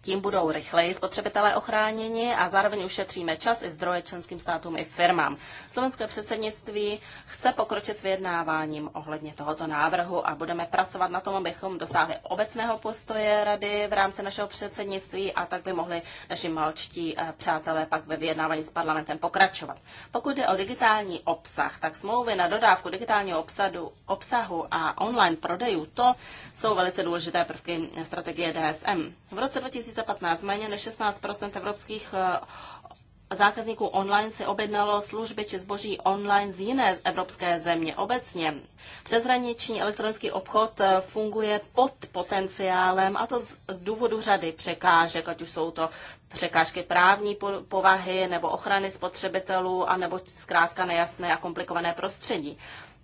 Tím budou rychleji spotřebitelé ochráněni a zároveň ušetříme čas i zdroje členským státům i firmám. Slovenské předsednictví chce pokročit s vyjednáváním ohledně tohoto návrhu a budeme pracovat na tom, abychom dosáhli obecného postoje rady v rámci našeho předsednictví a tak by mohli naši malčtí eh, přátelé pak ve vyjednávání s parlamentem pokračovat. Pokud jde o digitální obsah, tak smlouvy na dodávku digitálního obsadu, obsahu a online prodejů, to jsou velice důležité prvky strategie DSM. V roce 2015 méně než 16 evropských eh, zákazníků online si objednalo služby či zboží online z jiné evropské země obecně. Přezhraniční elektronický obchod eh, funguje pod potenciálem, a to z důvodu řady překážek, ať už jsou to překážky právní povahy nebo ochrany spotřebitelů, anebo zkrátka nejasné a komplikované prostředí.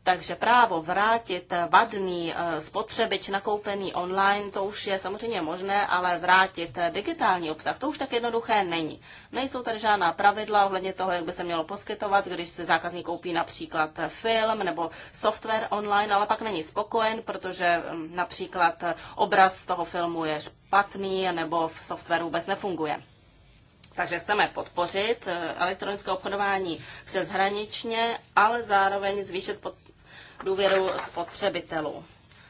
Takže právo vrátit vadný eh, spotřebič nakoupený online, to už je samozřejmě možné, ale vrátit digitální obsah, to už tak jednoduché není. Nejsou tady žádná pravidla ohledně toho, jak by se mělo poskytovat, když se zákazník koupí například film nebo software online, ale pak není spokojen, protože hm, například obraz toho filmu je špatný nebo v softwaru vůbec nefunguje. Takže chceme podpořit eh, elektronické obchodování přeshraničně, ale zároveň zvýšit důvěru spotřebitelů.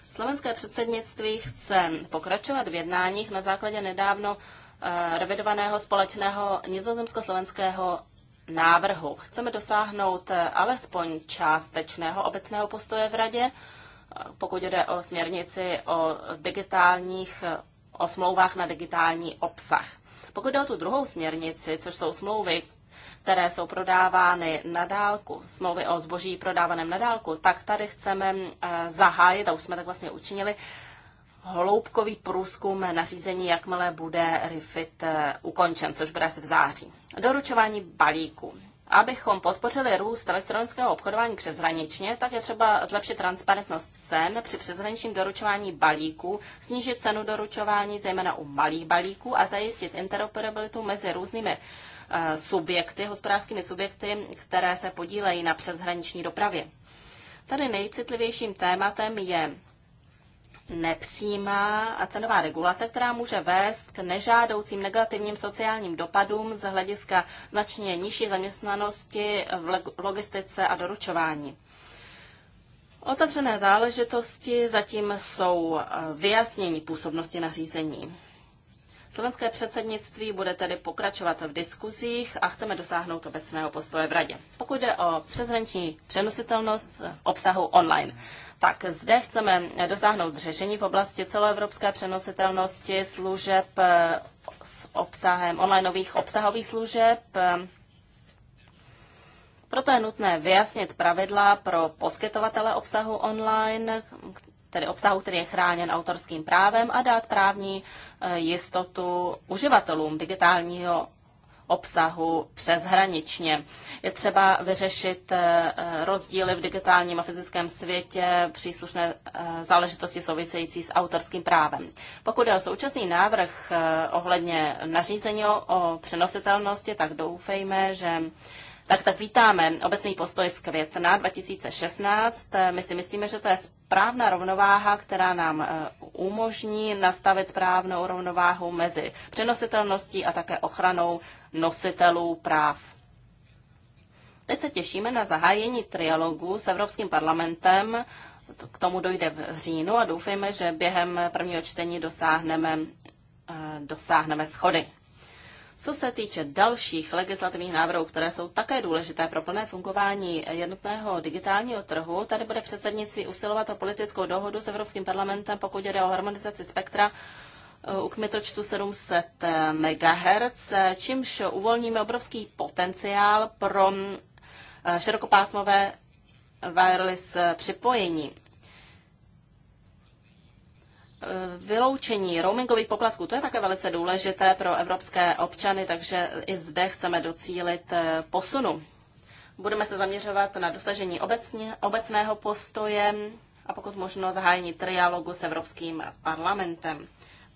Slovenské předsednictví chce pokračovat v jednáních na základě nedávno eh, revidovaného společného nizozemsko-slovenského návrhu. Chceme dosáhnout eh, alespoň částečného obecného postoje v Radě, eh, pokud jde o směrnici o digitálních o smlouvách na digitální obsah. Pokud jde o tu druhou směrnici, což jsou smlouvy, které jsou prodávány na dálku, smlouvy o zboží prodávaném na dálku, tak tady chceme eh, zahájit, a už jsme tak vlastně učinili, hloubkový průzkum nařízení, jakmile bude RIFIT eh, ukončen, což bude asi v září. Doručování balíků. Abychom podpořili růst elektronického obchodování přeshraničně, tak je třeba zlepšit transparentnost cen při přeshraničním doručování balíků, snížit cenu doručování zejména u malých balíků a zajistit interoperabilitu mezi různými Eh, subjekty, hospodářskými subjekty, které se podílejí na přeshraniční dopravě. Tady nejcitlivějším tématem je nepřímá a cenová regulace, která může vést k nežádoucím negativním sociálním dopadům z hlediska značně nižší zaměstnanosti v logistice a doručování. Otevřené záležitosti zatím jsou eh, vyjasnění působnosti nařízení. Slovenské předsednictví bude tedy pokračovat v diskuzích a chceme dosáhnout obecného postoje v Radě. Pokud jde o přeshraniční přenositelnost obsahu online, tak zde chceme dosáhnout řešení v oblasti celoevropské přenositelnosti služeb eh, s obsahem onlineových obsahových služeb. Proto je nutné vyjasnit pravidla pro poskytovatele obsahu online, tedy obsahu, který je chráněn autorským právem a dát právní eh, jistotu uživatelům digitálního obsahu přeshraničně. Je třeba vyřešit eh, rozdíly v digitálním a fyzickém světě, příslušné eh, záležitosti související s autorským právem. Pokud je o současný návrh ohledně nařízení o přenositelnosti, tak doufejme, že tak, tak vítáme obecný postoj z května 2016. My si myslíme, že to je správná rovnováha, která nám eh, umožní nastavit správnou rovnováhu mezi přenositelností a také ochranou nositelů práv. Teď se těšíme na zahájení trialogu s Evropským parlamentem. K tomu dojde v říjnu a doufejme, že během prvního čtení dosáhneme, eh, dosáhneme schody. Co se týče dalších legislativních návrhů, které jsou také důležité pro plné fungování jednotného digitálního trhu, tady bude předsednici usilovat o politickou dohodu s Evropským parlamentem, pokud jde o harmonizaci spektra eh, u kmitočtu 700 MHz, čímž uvolníme obrovský potenciál pro eh, širokopásmové wireless připojení. Eh, vyloučení roamingových poplatků, to je také velice důležité pro evropské občany, takže i zde chceme docílit eh, posunu. Budeme se zaměřovat na dosažení obecně, obecného postoje a pokud možno zahájení trialogu s Evropským parlamentem.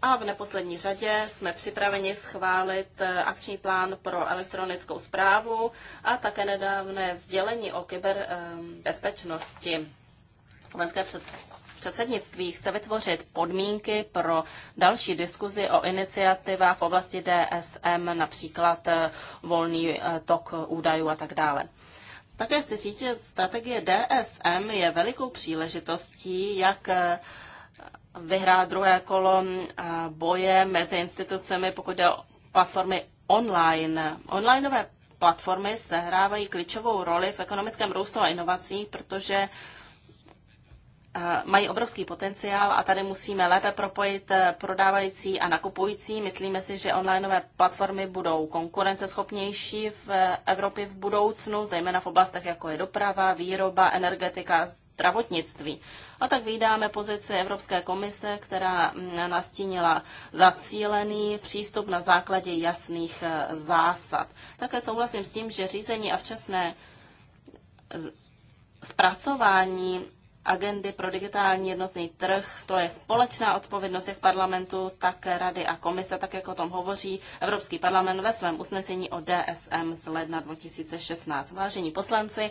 A v neposlední řadě jsme připraveni schválit eh, akční plán pro elektronickou zprávu a také nedávné sdělení o kyberbezpečnosti. Slovenské před předsednictví chce vytvořit podmínky pro další diskuzi o iniciativách v oblasti DSM, například eh, volný eh, tok údajů a tak dále. Také chci říct, že strategie DSM je velikou příležitostí, jak eh, vyhrát druhé kolo boje mezi institucemi, pokud jde o platformy online. Onlineové platformy sehrávají klíčovou roli v ekonomickém růstu a inovacích, protože Eh, mají obrovský potenciál a tady musíme lépe propojit eh, prodávající a nakupující. Myslíme si, že onlineové platformy budou konkurenceschopnější v eh, Evropě v budoucnu, zejména v oblastech jako je doprava, výroba, energetika, zdravotnictví. A tak vydáme pozici Evropské komise, která mm, nastínila zacílený přístup na základě jasných zásad. Také souhlasím s tím, že řízení a včasné zpracování agendy pro digitální jednotný trh. To je společná odpovědnost jak parlamentu, tak rady a komise, tak jak o tom hovoří Evropský parlament ve svém usnesení o DSM z ledna 2016. Vážení poslanci,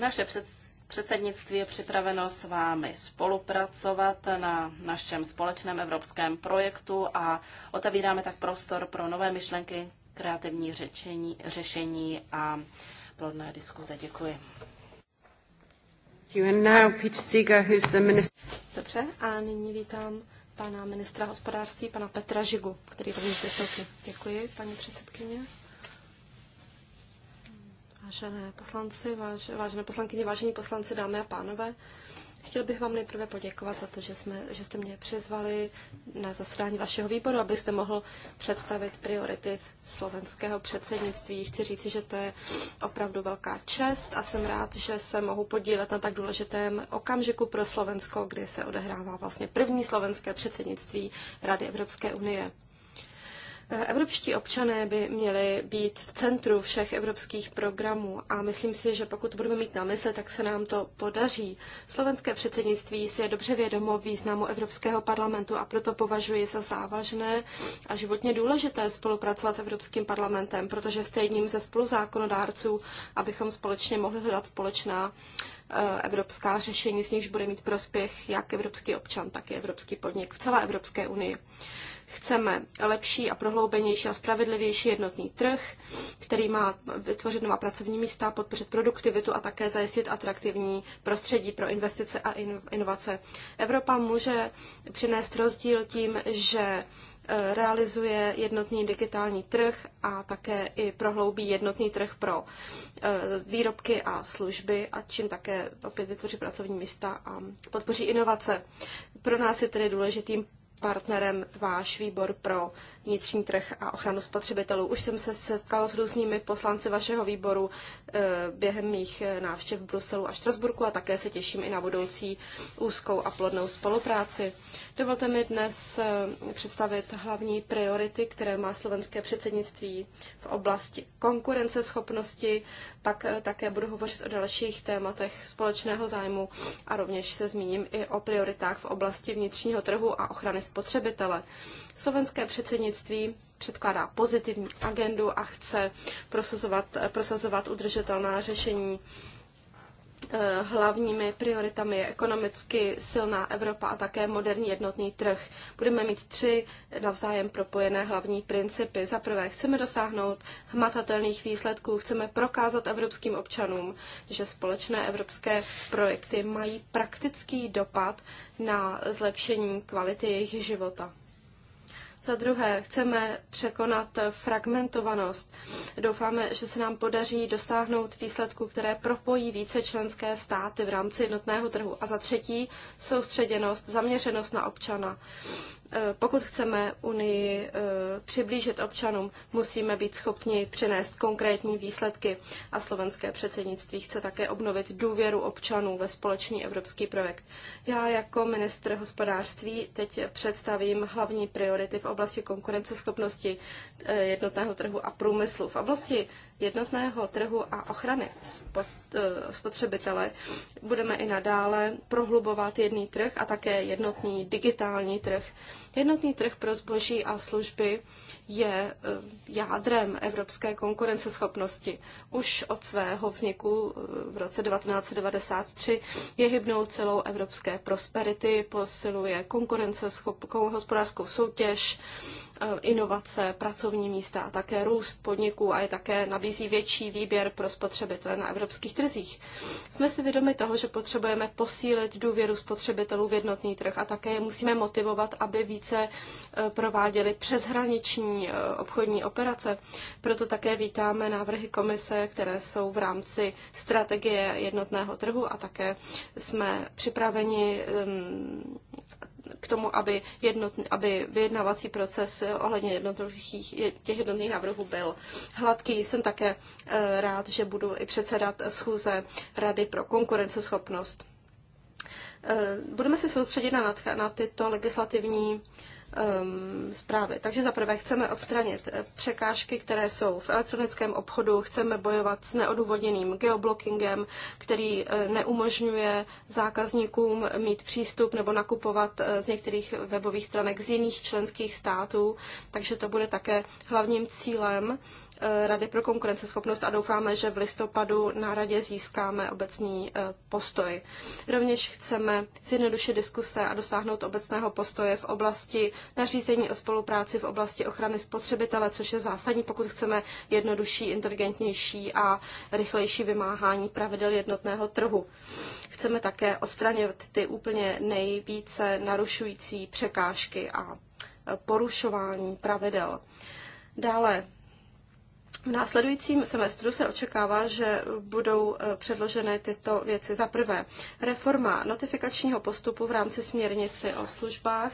naše představení Předsednictví je připraveno s vámi spolupracovat na našem společném evropském projektu a otevíráme tak prostor pro nové myšlenky, kreativní řečení, řešení a plodné diskuze. Děkuji. Dobře, a nyní vítám pana ministra hospodářství, pana Petra Žigu, který rovněž vystoupí. Děkuji, paní předsedkyně. Vážené poslanci, váž, vážené poslankyně, vážení poslanci, dámy a pánové, Chtěl bych vám nejprve poděkovat za to, že, jsme, že jste mě přizvali na zasedání vašeho výboru, abyste mohl představit priority slovenského předsednictví. Chci říci, že to je opravdu velká čest a jsem rád, že se mohu podílet na tak důležitém okamžiku pro Slovensko, kdy se odehrává vlastně první slovenské předsednictví Rady Evropské unie. Eh, evropští občané by měli být v centru všech evropských programů a myslím si, že pokud budeme mít na mysli, tak se nám to podaří. Slovenské předsednictví si je dobře vědomo významu Evropského parlamentu a proto považuji za závažné a životně důležité spolupracovat s Evropským parlamentem, protože jste jedním ze spoluzákonodárců, abychom společně mohli hledat společná eh, evropská řešení, z nichž bude mít prospěch jak evropský občan, tak i evropský podnik v celé Evropské unii. Chceme lepší a prohloubenější a spravedlivější jednotný trh, který má vytvořit nová pracovní místa, podpořit produktivitu a také zajistit atraktivní prostředí pro investice a inovace. Evropa může přinést rozdíl tím, že eh, realizuje jednotný digitální trh a také i prohloubí jednotný trh pro eh, výrobky a služby a čím také opět vytvoří pracovní místa a podpoří inovace. Pro nás je tedy důležitým partnerem váš výbor pro vnitřní trh a ochranu spotřebitelů. Už jsem se setkala s různými poslanci vašeho výboru eh, během mých eh, návštěv v Bruselu a Štrasburku a také se těším i na budoucí úzkou a plodnou spolupráci. Dovolte mi dnes eh, představit hlavní priority, které má slovenské předsednictví v oblasti konkurenceschopnosti. Pak eh, také budu hovořit o dalších tématech společného zájmu a rovněž se zmíním i o prioritách v oblasti vnitřního trhu a ochrany spotřebitele. Slovenské předsednictví předkládá pozitivní agendu a chce prosazovat, eh, udržitelná řešení Eh, hlavními prioritami je ekonomicky silná Evropa a také moderní jednotný trh. Budeme mít tři navzájem propojené hlavní principy. Za prvé, chceme dosáhnout hmatatelných výsledků, chceme prokázat evropským občanům, že společné evropské projekty mají praktický dopad na zlepšení kvality jejich života. Za druhé, chceme překonat fragmentovanost. Doufáme, že se nám podaří dosáhnout výsledků, které propojí více členské státy v rámci jednotného trhu. A za třetí, soustředěnost, zaměřenost na občana. Eh, pokud chceme Unii eh, přiblížit občanům, musíme být schopni přinést konkrétní výsledky a slovenské předsednictví chce také obnovit důvěru občanů ve společný evropský projekt. Já jako ministr hospodářství teď představím hlavní priority v oblasti konkurenceschopnosti eh, jednotného trhu a průmyslu. V oblasti jednotného trhu a ochrany eh, spotřebitele budeme i nadále prohlubovat jedný trh a také jednotný digitální trh. Jednotný trh pro zboží a služby je eh, jádrem evropské konkurenceschopnosti. Už od svého vzniku eh, v roce 1993 je hybnou celou evropské prosperity, posiluje konkurenceschop, hospodářskou soutěž, Eh, inovace, pracovní místa a také růst podniků a je také nabízí větší výběr pro spotřebitele na evropských trzích. Jsme si vědomi toho, že potřebujeme posílit důvěru spotřebitelů v jednotný trh a také je musíme motivovat, aby více eh, prováděli přeshraniční eh, obchodní operace. Proto také vítáme návrhy komise, které jsou v rámci strategie jednotného trhu a také jsme připraveni k tomu, aby, jednotný, aby vyjednavací proces ohledně jednotlivých, těch jednotných návrhů byl hladký. Jsem také eh, rád, že budu i předsedat schůze Rady pro konkurenceschopnost. Eh, budeme se soustředit na, na tyto legislativní um, zprávy. Takže zaprvé chceme odstranit eh, překážky, které jsou v elektronickém obchodu, chceme bojovat s neodůvodněným geoblockingem, který eh, neumožňuje zákazníkům mít přístup nebo nakupovat eh, z některých webových stranek z jiných členských států, takže to bude také hlavním cílem Eh, Rady pro konkurenceschopnost a doufáme, že v listopadu na radě získáme obecný eh, postoj. Rovněž chceme zjednodušit diskuse a dosáhnout obecného postoje v oblasti nařízení o spolupráci v oblasti ochrany spotřebitele, což je zásadní, pokud chceme jednodušší, inteligentnější a rychlejší vymáhání pravidel jednotného trhu. Chceme také odstranit ty úplně nejvíce narušující překážky a eh, porušování pravidel. Dále v následujícím semestru se očekává, že budou eh, předloženy tyto věci. Za prvé, reforma notifikačního postupu v rámci směrnice o službách,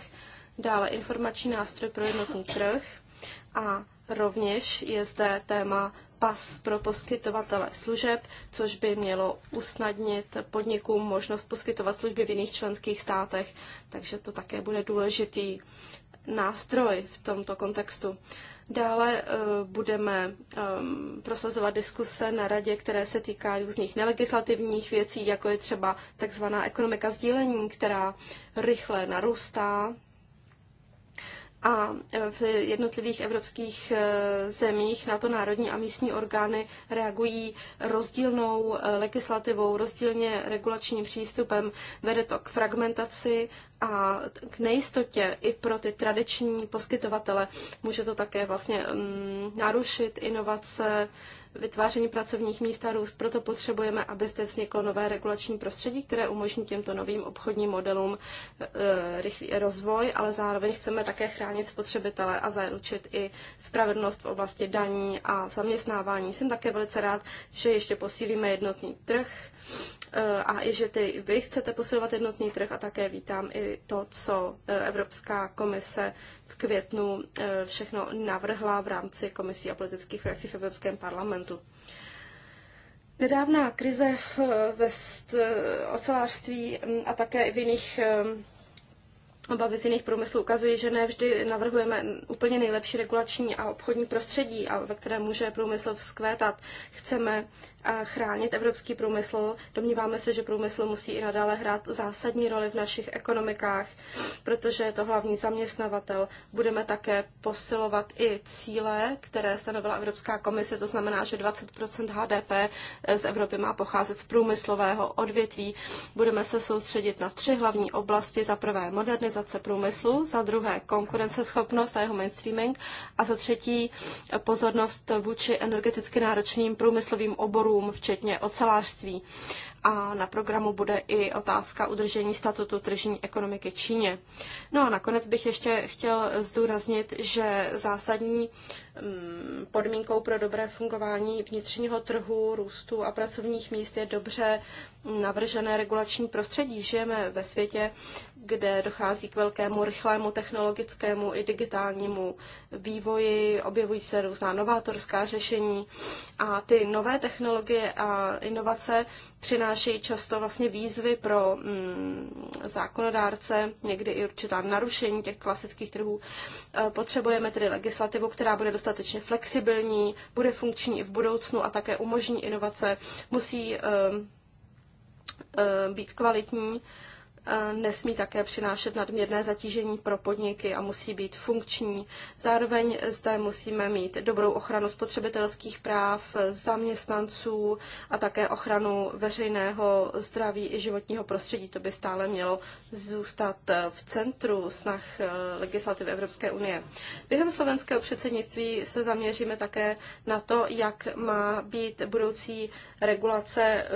dále informační nástroj pro jednotný trh a rovněž je zde téma pas pro poskytovatele služeb, což by mělo usnadnit podnikům možnost poskytovat služby v jiných členských státech, takže to také bude důležitý nástroj v tomto kontextu. Dále eh, budeme ehm, prosazovat diskuse na radě, které se týká různých nelegislativních věcí, jako je třeba takzvaná ekonomika sdílení, která rychle narůstá a e, v jednotlivých evropských e, zemích na to národní a místní orgány reagují rozdílnou e, legislativou, rozdílně regulačním přístupem. Vede to k fragmentaci a k nejistotě i pro ty tradiční poskytovatele. Může to také vlastně mm, narušit inovace, vytváření pracovních míst a růst. Proto potřebujeme, aby zde vzniklo nové regulační prostředí, které umožní těmto novým obchodním modelům eh, rychlý rozvoj, ale zároveň chceme také chránit spotřebitele a zaručit i spravedlnost v oblasti daní a zaměstnávání. Jsem také velice rád, že ještě posílíme jednotný trh Eh, a i, že ty, vy chcete posilovat jednotný trh a také vítám i to, co eh, Evropská komise v květnu eh, všechno navrhla v rámci komisí a politických frakcí v Evropském parlamentu. Nedávná krize v, ve ocelářství hm, a také i v jiných obavy z jiných průmyslů ukazují, že ne vždy navrhujeme úplně nejlepší regulační a obchodní prostředí, a ve kterém může průmysl vzkvétat. Chceme chránit evropský průmysl. Domníváme se, že průmysl musí i nadále hrát zásadní roli v našich ekonomikách, protože je to hlavní zaměstnavatel. Budeme také posilovat i cíle, které stanovila Evropská komise, to znamená, že 20 HDP z Evropy má pocházet z průmyslového odvětví. Budeme se soustředit na tři hlavní oblasti. Za prvé modernizace průmyslu, za druhé konkurenceschopnost a jeho mainstreaming a za třetí pozornost vůči energeticky náročným průmyslovým oborům sektorům, včetně ocelářství. A na programu bude i otázka udržení statutu tržní ekonomiky Číně. No a nakonec bych ještě chtěl zdůraznit, že zásadní Mm, podmínkou pro dobré fungování vnitřního trhu, růstu a pracovních míst je dobře navržené regulační prostředí. Žijeme ve světě, kde dochází k velkému, rychlému technologickému i digitálnímu vývoji, objevují se různá novátorská řešení a ty nové technologie a inovace přinášejí často vlastně výzvy pro mm, zákonodárce, někdy i určitá narušení těch klasických trhů. E, potřebujeme tedy legislativu, která bude dostatečně flexibilní, bude funkční i v budoucnu a také umožní inovace, musí ehm, ehm, být kvalitní nesmí také přinášet nadměrné zatížení pro podniky a musí být funkční. Zároveň zde musíme mít dobrou ochranu spotřebitelských práv, zaměstnanců a také ochranu veřejného zdraví i životního prostředí. To by stále mělo zůstat v centru snah eh, legislativy Evropské unie. Během slovenského předsednictví se zaměříme také na to, jak má být budoucí regulace eh,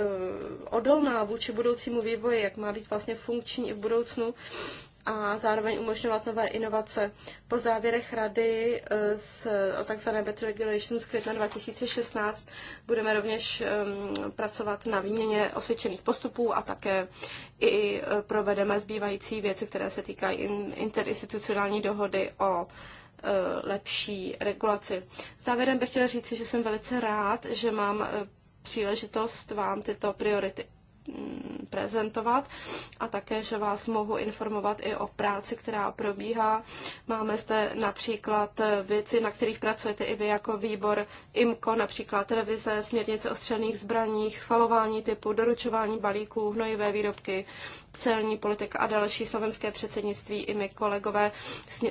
odolná vůči budoucímu vývoji, jak má být vlastně funkční funkční i v budoucnu a zároveň umožňovat nové inovace. Po závěrech rady z, eh, o tzv. Better Regulations května 2016 budeme rovněž ehm, pracovat na výměně osvědčených postupů a také i eh, provedeme zbývající věci, které se týkají interinstitucionální dohody o eh, lepší regulaci. Závěrem bych chtěla říci, že jsem velice rád, že mám příležitost vám tyto priority Mm, prezentovat a také, že vás mohu informovat i o práci, která probíhá. Máme zde například věci, na kterých pracujete i vy jako výbor IMCO, například revize směrnice o střelných zbraních, schvalování typu, doručování balíků, hnojivé výrobky, celní politika a další slovenské předsednictví. I my kolegové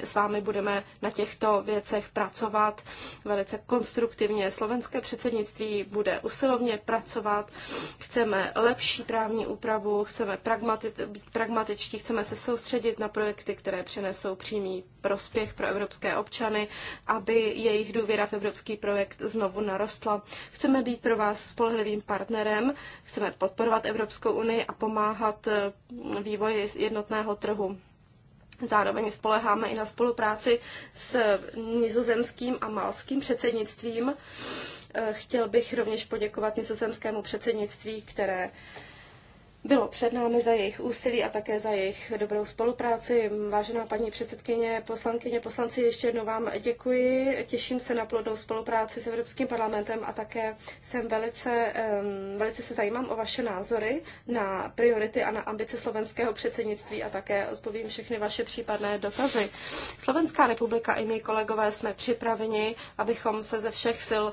s vámi budeme na těchto věcech pracovat velice konstruktivně. Slovenské předsednictví bude usilovně pracovat. Chceme lepší právní úpravu, chceme pragmati- být pragmatičtí, chceme se soustředit na projekty, které přinesou přímý prospěch pro evropské občany, aby jejich důvěra v evropský projekt znovu narostla. Chceme být pro vás spolehlivým partnerem, chceme podporovat Evropskou unii a pomáhat eh, vývoji jednotného trhu. Zároveň spoleháme i na spolupráci s nizozemským a malským předsednictvím. Eh, chtěl bych rovněž poděkovat nizozemskému předsednictví, které bylo před námi za jejich úsilí a také za jejich dobrou spolupráci. Vážená paní předsedkyně, poslankyně, poslanci, ještě jednou vám děkuji. Těším se na plodnou spolupráci s Evropským parlamentem a také jsem velice, velice se zajímám o vaše názory na priority a na ambice slovenského předsednictví a také odpovím všechny vaše případné dotazy. Slovenská republika i my kolegové jsme připraveni, abychom se ze všech sil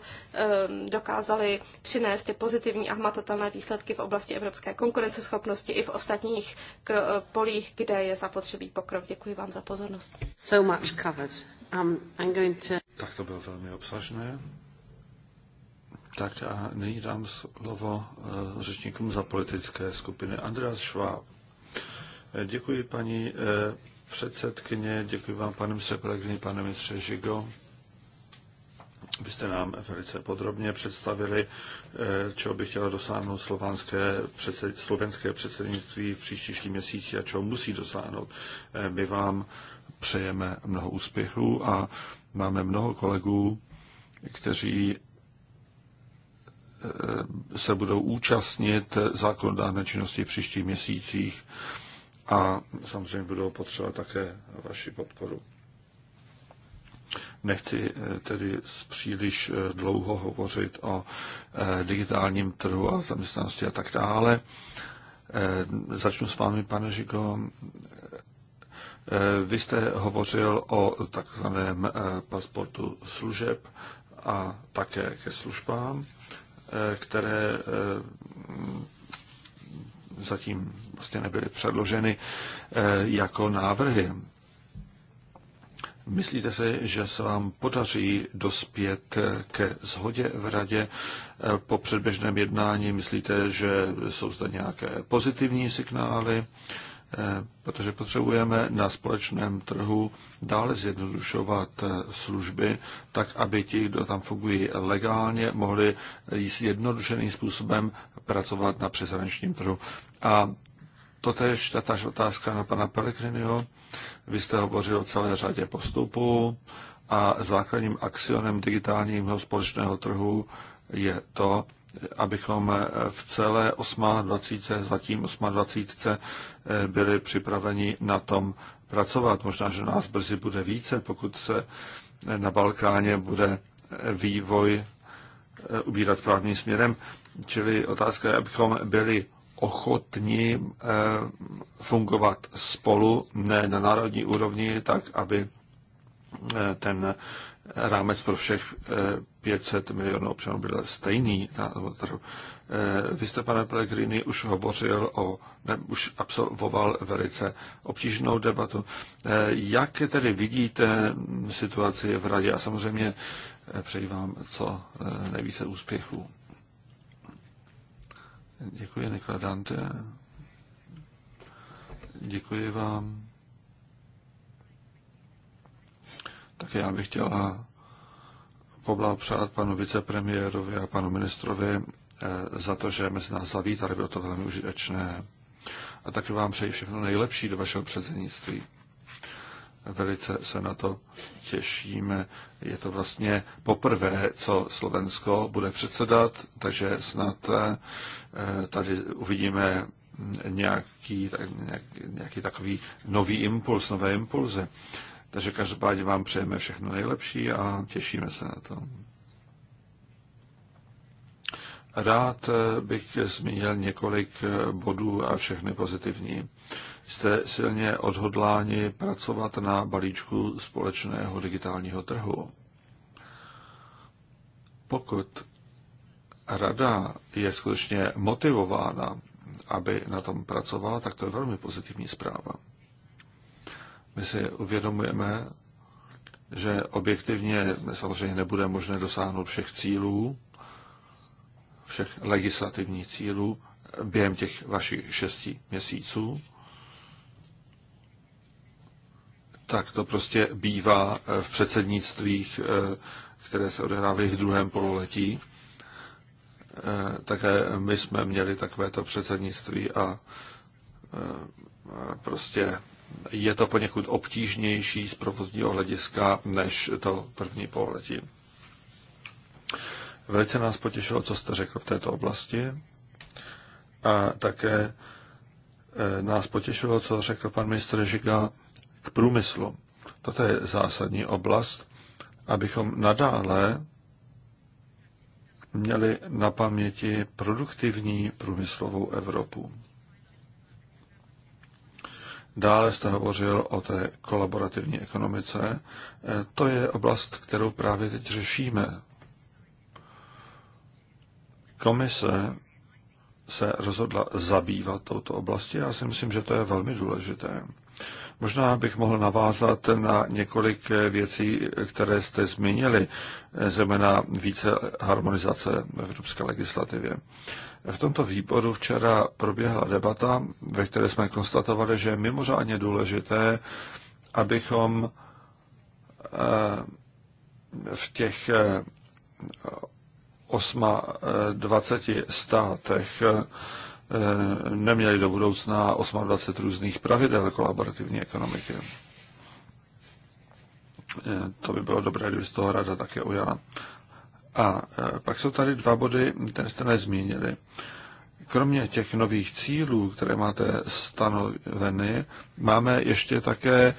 dokázali přinést ty pozitivní a hmatatelné výsledky v oblasti evropské konkurence konkurenceschopnosti i v ostatních eh, polích, kde je zapotřebí pokrok. Děkuji vám za pozornost. So much covered. Um, I'm going to... Tak to bylo velmi obsažné. Tak a nyní dám slovo uh, řečníkům za politické skupiny. Andreas Schwab. Eh, děkuji paní uh, předsedkyně, děkuji vám panem Seplegni, pane ministře Žigo byste nám velice podrobně představili, eh, čeho by chtěla dosáhnout slovanské, předsed, slovenské předsednictví v příštích měsících a čeho musí dosáhnout. Eh, my vám přejeme mnoho úspěchů a máme mnoho kolegů, kteří eh, se budou účastnit zákonodárné činnosti v příštích měsících a samozřejmě budou potřebovat také vaši podporu. Nechci eh, tedy příliš eh, dlouho hovořit o eh, digitálním trhu a zaměstnanosti a tak dále. Začnu s vámi, pane Žiko. Vy jste hovořil o takzvaném pasportu služeb a také ke službám, které zatím vlastně nebyly předloženy jako návrhy. Myslíte si, že se vám podaří dospět ke shodě v radě po předběžném jednání? Myslíte, že jsou zde nějaké pozitivní signály? Protože potřebujeme na společném trhu dále zjednodušovat služby, tak aby ti, kdo tam fungují legálně, mohli jednodušeným způsobem pracovat na přeshraničním trhu. A Totež tatáž otázka na pana Pelegriniho. Vy jste hovořil o celé řadě postupů a základním axionem digitálního společného trhu je to, abychom v celé 28, zatím 28 byli připraveni na tom pracovat. Možná, že nás brzy bude více, pokud se na Balkáně bude vývoj ubírat správným směrem. Čili otázka je, abychom byli ochotni eh, fungovat spolu, ne na národní úrovni, tak aby eh, ten rámec pro všech 500 eh, milionů občanů byl stejný. Vy jste, pane Pellegrini, už hovořil o, ne, už absolvoval velice obtížnou debatu. Jak tedy vidíte situaci v radě? A samozřejmě přeji vám co nejvíce úspěchů. Děkuji, Nikola Dante. Děkuji vám. Tak já bych chtěla poblahopřát panu vicepremiérovi a panu ministrovi eh, za to, že mezi nás zavítali, bylo to velmi užitečné. A taky vám přeji všechno nejlepší do vašeho předsednictví. Velice se na to těšíme. Je to vlastně poprvé, co Slovensko bude předsedat, takže snad eh, tady uvidíme nějaký, nějaký takový nový impuls, nové impulzy. Takže každopádně vám přejeme všechno nejlepší a těšíme se na to. Rád eh, bych zmínil několik eh, bodů a všechny pozitivní jste silně odhodláni pracovat na balíčku společného digitálního trhu. Pokud rada je skutečně motivována, aby na tom pracovala, tak to je velmi pozitivní zpráva. My si uvědomujeme, že objektivně samozřejmě nebude možné dosáhnout všech cílů, všech legislativních cílů během těch vašich šesti měsíců. tak to prostě bývá eh, v předsednictvích, eh, které se odehrávají v druhém pololetí. Eh, také my jsme měli takovéto předsednictví a prostě je to poněkud obtížnější z provozního hlediska než to první pololetí. Velice nás potěšilo, co jste řekl v této oblasti a také nás potěšilo, co řekl pan ministr Žiga k průmyslu. Toto je zásadní oblast, abychom nadále měli na paměti produktivní průmyslovou Evropu. Dále jste hovořil o té kolaborativní ekonomice. E, to je oblast, kterou právě teď řešíme. Komise se rozhodla zabývat touto oblasti. Já si myslím, že to je velmi důležité. Možná bych mohl navázat na několik věcí, které jste zmínili, zejména více harmonizace v evropské legislativě. V tomto výboru včera proběhla debata, ve které jsme konstatovali, že je mimořádně důležité, abychom eh, v těch 28 eh, státech Eh, neměli do budoucna 28 různých pravidel kolaborativní ekonomiky. Eh, to by bylo dobré, kdyby z toho rada také ujala. A eh, pak jsou tady dva body, které jste nezmínili. Kromě těch nových cílů, které máte stanoveny, máme ještě také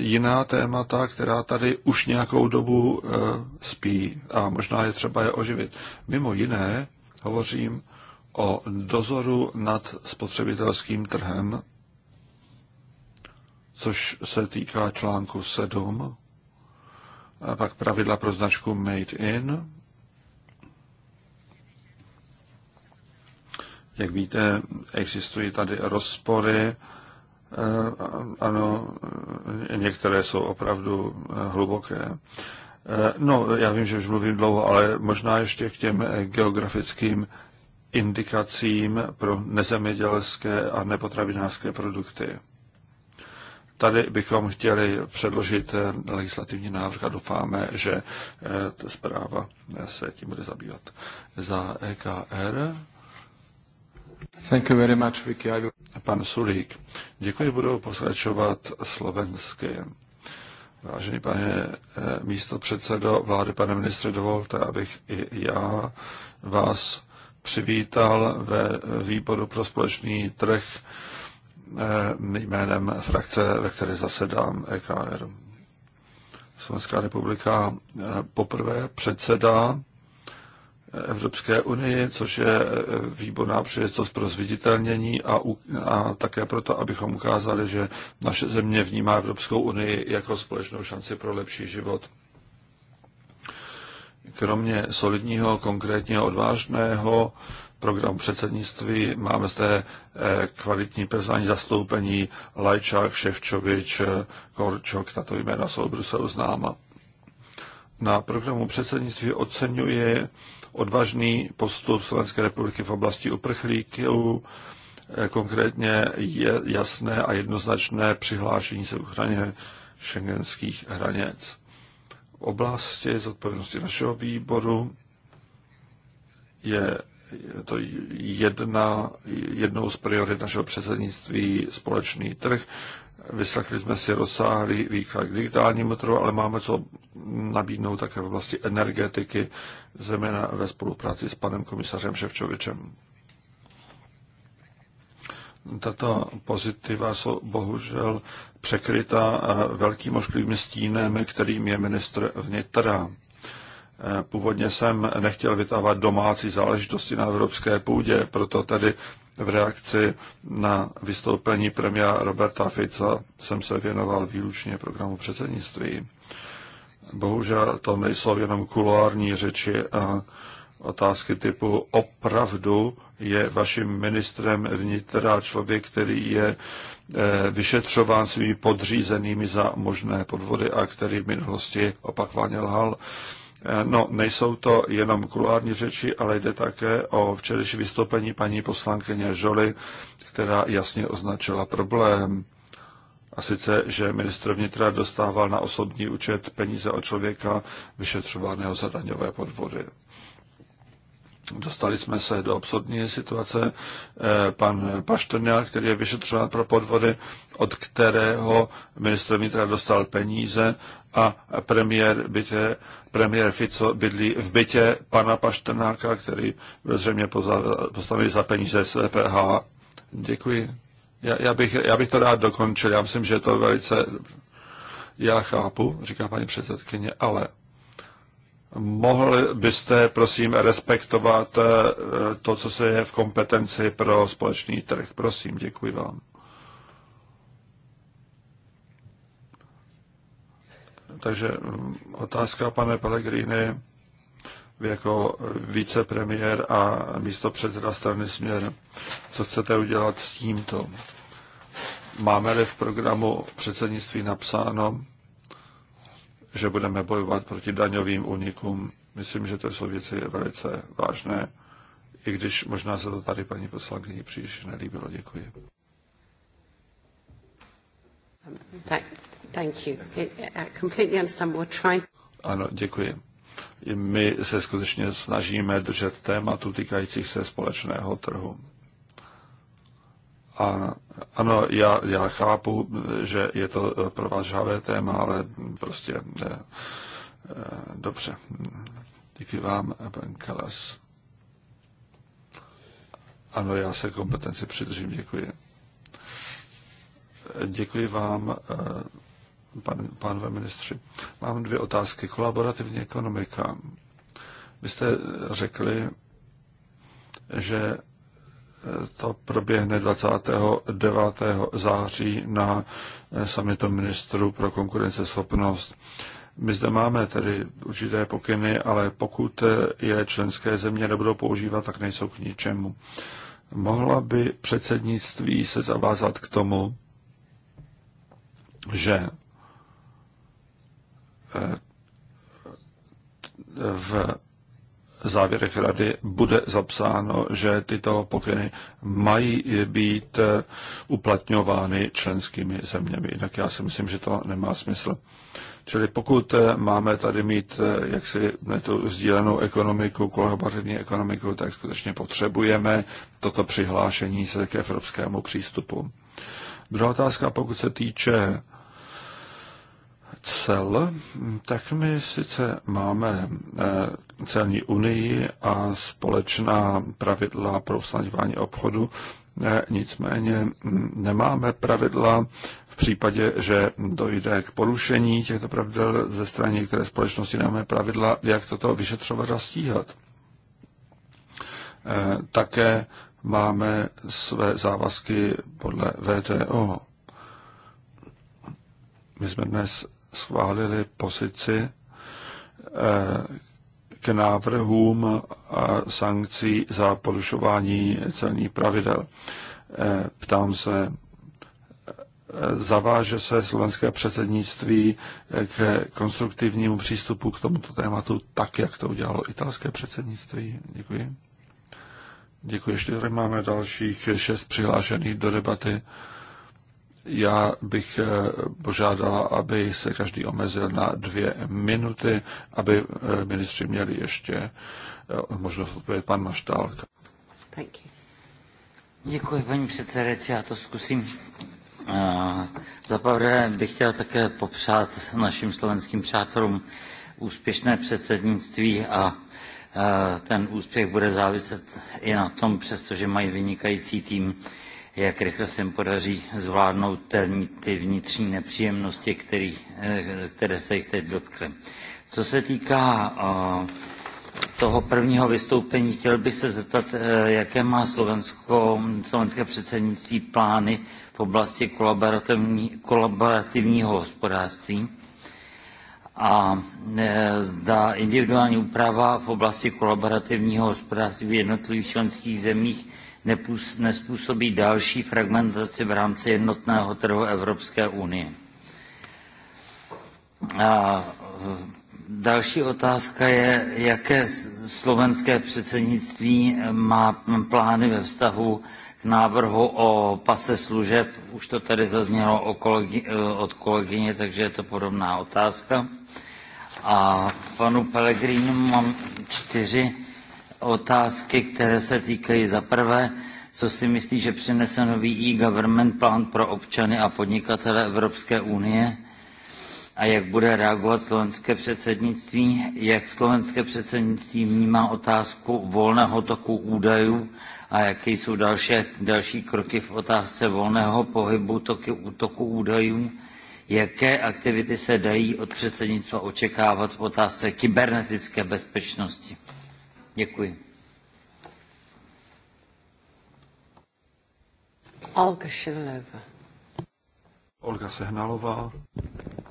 jiná témata, která tady už nějakou dobu spí a možná je třeba je oživit. Mimo jiné hovořím o dozoru nad spotřebitelským trhem, což se týká článku 7, a pak pravidla pro značku Made in. Jak víte, existují tady rozpory. E, ano, některé jsou opravdu e, hluboké. E, no, já vím, že už mluvím dlouho, ale možná ještě k těm geografickým indikacím pro nezemědělské a nepotravinářské produkty. Tady bychom chtěli předložit eh, legislativní návrh a doufáme, že eh, ta zpráva eh, se tím bude zabývat. Za EKR. Thank you very much, Vicky. Will... Pan Sulík. Děkuji, budou pokračovat slovensky. Vážený pane místo předsedo vlády, pane ministře, dovolte, abych i já vás přivítal ve výboru pro společný trh eh, jménem frakce, ve které zasedám EKR. Slovenská republika eh, poprvé předsedá eh, Evropské unii, což je výborná příležitost pro zviditelnění a, u, a také proto, abychom ukázali, že naše země vnímá Evropskou unii jako společnou šanci pro lepší život kromě solidního, konkrétního, odvážného programu předsednictví máme zde eh, kvalitní personální zastoupení Lajčák, Ševčovič, eh, Korčok, tato jména jsou Brusel známa. Na programu předsednictví oceňuje odvážný postup Slovenské republiky v oblasti uprchlíků, eh, konkrétně je jasné a jednoznačné přihlášení se k ochraně šengenských hranic oblasti zodpovědnosti našeho výboru je to jedna, jednou z priorit našeho předsednictví společný trh. Vyslechli jsme si rozsáhlý výklad k digitálnímu trhu, ale máme co nabídnout také v oblasti energetiky, zejména ve spolupráci s panem komisařem Ševčovičem tato pozitiva jsou bohužel překryta velkým ošklivým stínem, kterým je ministr vnitra. Původně jsem nechtěl vytávat domácí záležitosti na evropské půdě, proto tedy v reakci na vystoupení premiéra Roberta Fica jsem se věnoval výlučně programu předsednictví. Bohužel to nejsou jenom kuloární řeči a otázky typu opravdu je vaším ministrem vnitra člověk, který je eh, vyšetřován svými podřízenými za možné podvody a který v minulosti opakovaně lhal. Eh, no, nejsou to jenom kulární řeči, ale jde také o včerejší vystoupení paní poslankyně Žoly, která jasně označila problém. A sice, že ministr vnitra dostával na osobní účet peníze od člověka vyšetřovaného za daňové podvody. Dostali jsme se do absurdní situace. Eh, pan Paštrňák, který je vyšetřován pro podvody, od kterého ministr vnitra dostal peníze a premiér, bytě, premiér Fico bydlí v bytě pana Paštrnáka, který byl zřejmě postavili za peníze z EPH. Děkuji. Já, já, bych, já bych to rád dokončil. Já myslím, že je to velice... Já chápu, říká paní předsedkyně, ale Mohl byste, prosím, respektovat eh, to, co se je v kompetenci pro společný trh? Prosím, děkuji vám. Takže mm, otázka, pane Pellegrini, vy jako vicepremiér a místo předseda strany Směr, co chcete udělat s tímto? Máme-li v programu předsednictví napsáno, že budeme bojovat proti daňovým únikům. Myslím, že to jsou věci velice vážné, i když možná se to tady paní poslankyni příliš nelíbilo. Děkuji. Thank you. completely understand we're trying. Ano, děkuji. My se skutečně snažíme držet tématu týkajících se společného trhu. A ano, já, já chápu, že je to eh, pro vás žávé téma, ale prostě ne, eh, eh, dobře. Díky vám, pan Kalas. Ano, já se kompetenci přidržím, děkuji. Děkuji vám, pan, pánové ministři. Mám dvě otázky. Kolaborativní ekonomika. Vy jste řekli, že to proběhne 29. září na samitu ministrů pro konkurenceschopnost. My zde máme tedy určité pokyny, ale pokud je členské země nebudou používat, tak nejsou k ničemu. Mohla by předsednictví se zavázat k tomu, že eh, v závěrech rady bude zapsáno, že tyto pokyny mají být eh, uplatňovány členskými zeměmi. Jinak já si myslím, že to nemá smysl. Čili pokud eh, máme tady mít eh, jaksi tu sdílenou ekonomiku, kolaborativní ekonomiku, tak skutečně potřebujeme toto přihlášení se k evropskému přístupu. Druhá otázka, pokud se týče cel, tak my sice máme eh, celní unii a společná pravidla pro vstaňování obchodu, eh, nicméně hm, nemáme pravidla v případě, že dojde k porušení těchto pravidel ze strany některé společnosti, nemáme pravidla, jak toto vyšetřovat a stíhat. Eh, také máme své závazky podle VTO. My jsme dnes schválili pozici eh, k návrhům a sankcí za porušování celních pravidel. Eh, ptám se, eh, zaváže se slovenské předsednictví k konstruktivnímu přístupu k tomuto tématu tak, jak to udělalo italské předsednictví? Děkuji. Děkuji. Ještě tady máme dalších šest přihlášených do debaty. Já bych eh, požádala, aby se každý omezil na dvě minuty, aby eh, ministři měli ještě eh, možnost odpovědět pan Maštálka. Děkuji, paní předsedající, já to zkusím. Zaprvé bych chtěl také popřát našim slovenským přátelům úspěšné předsednictví a ten úspěch bude záviset i na tom, přestože mají vynikající tým, jak rychle se jim podaří zvládnout ty vnitřní nepříjemnosti, který, eh, které se jich teď dotkly. Co se týká eh, toho prvního vystoupení, chtěl bych se zeptat, eh, jaké má Slovensko, slovenské předsednictví plány v oblasti kolaborativní, kolaborativního hospodářství a zda individuální úprava v oblasti kolaborativního hospodářství v jednotlivých členských zemích nespůsobí další fragmentaci v rámci jednotného trhu Evropské unie. A e, další otázka je, jaké slovenské předsednictví má plány ve vztahu k návrhu o pase služeb. Už to tady zaznělo e, od kolegyně, takže je to podobná otázka. A panu Pelegrínu mám čtyři otázky, které se týkají za prvé, co si myslí, že přinese nový e-government plán pro občany a podnikatele Evropské unie a jak bude reagovat slovenské předsednictví, jak slovenské předsednictví vnímá otázku volného toku údajů a jaké jsou další, další kroky v otázce volného pohybu toky, toku údajů, jaké aktivity se dají od předsednictva očekávat v otázce kybernetické bezpečnosti. Děkuji. Olga Šilneva. Olga Sehnalová.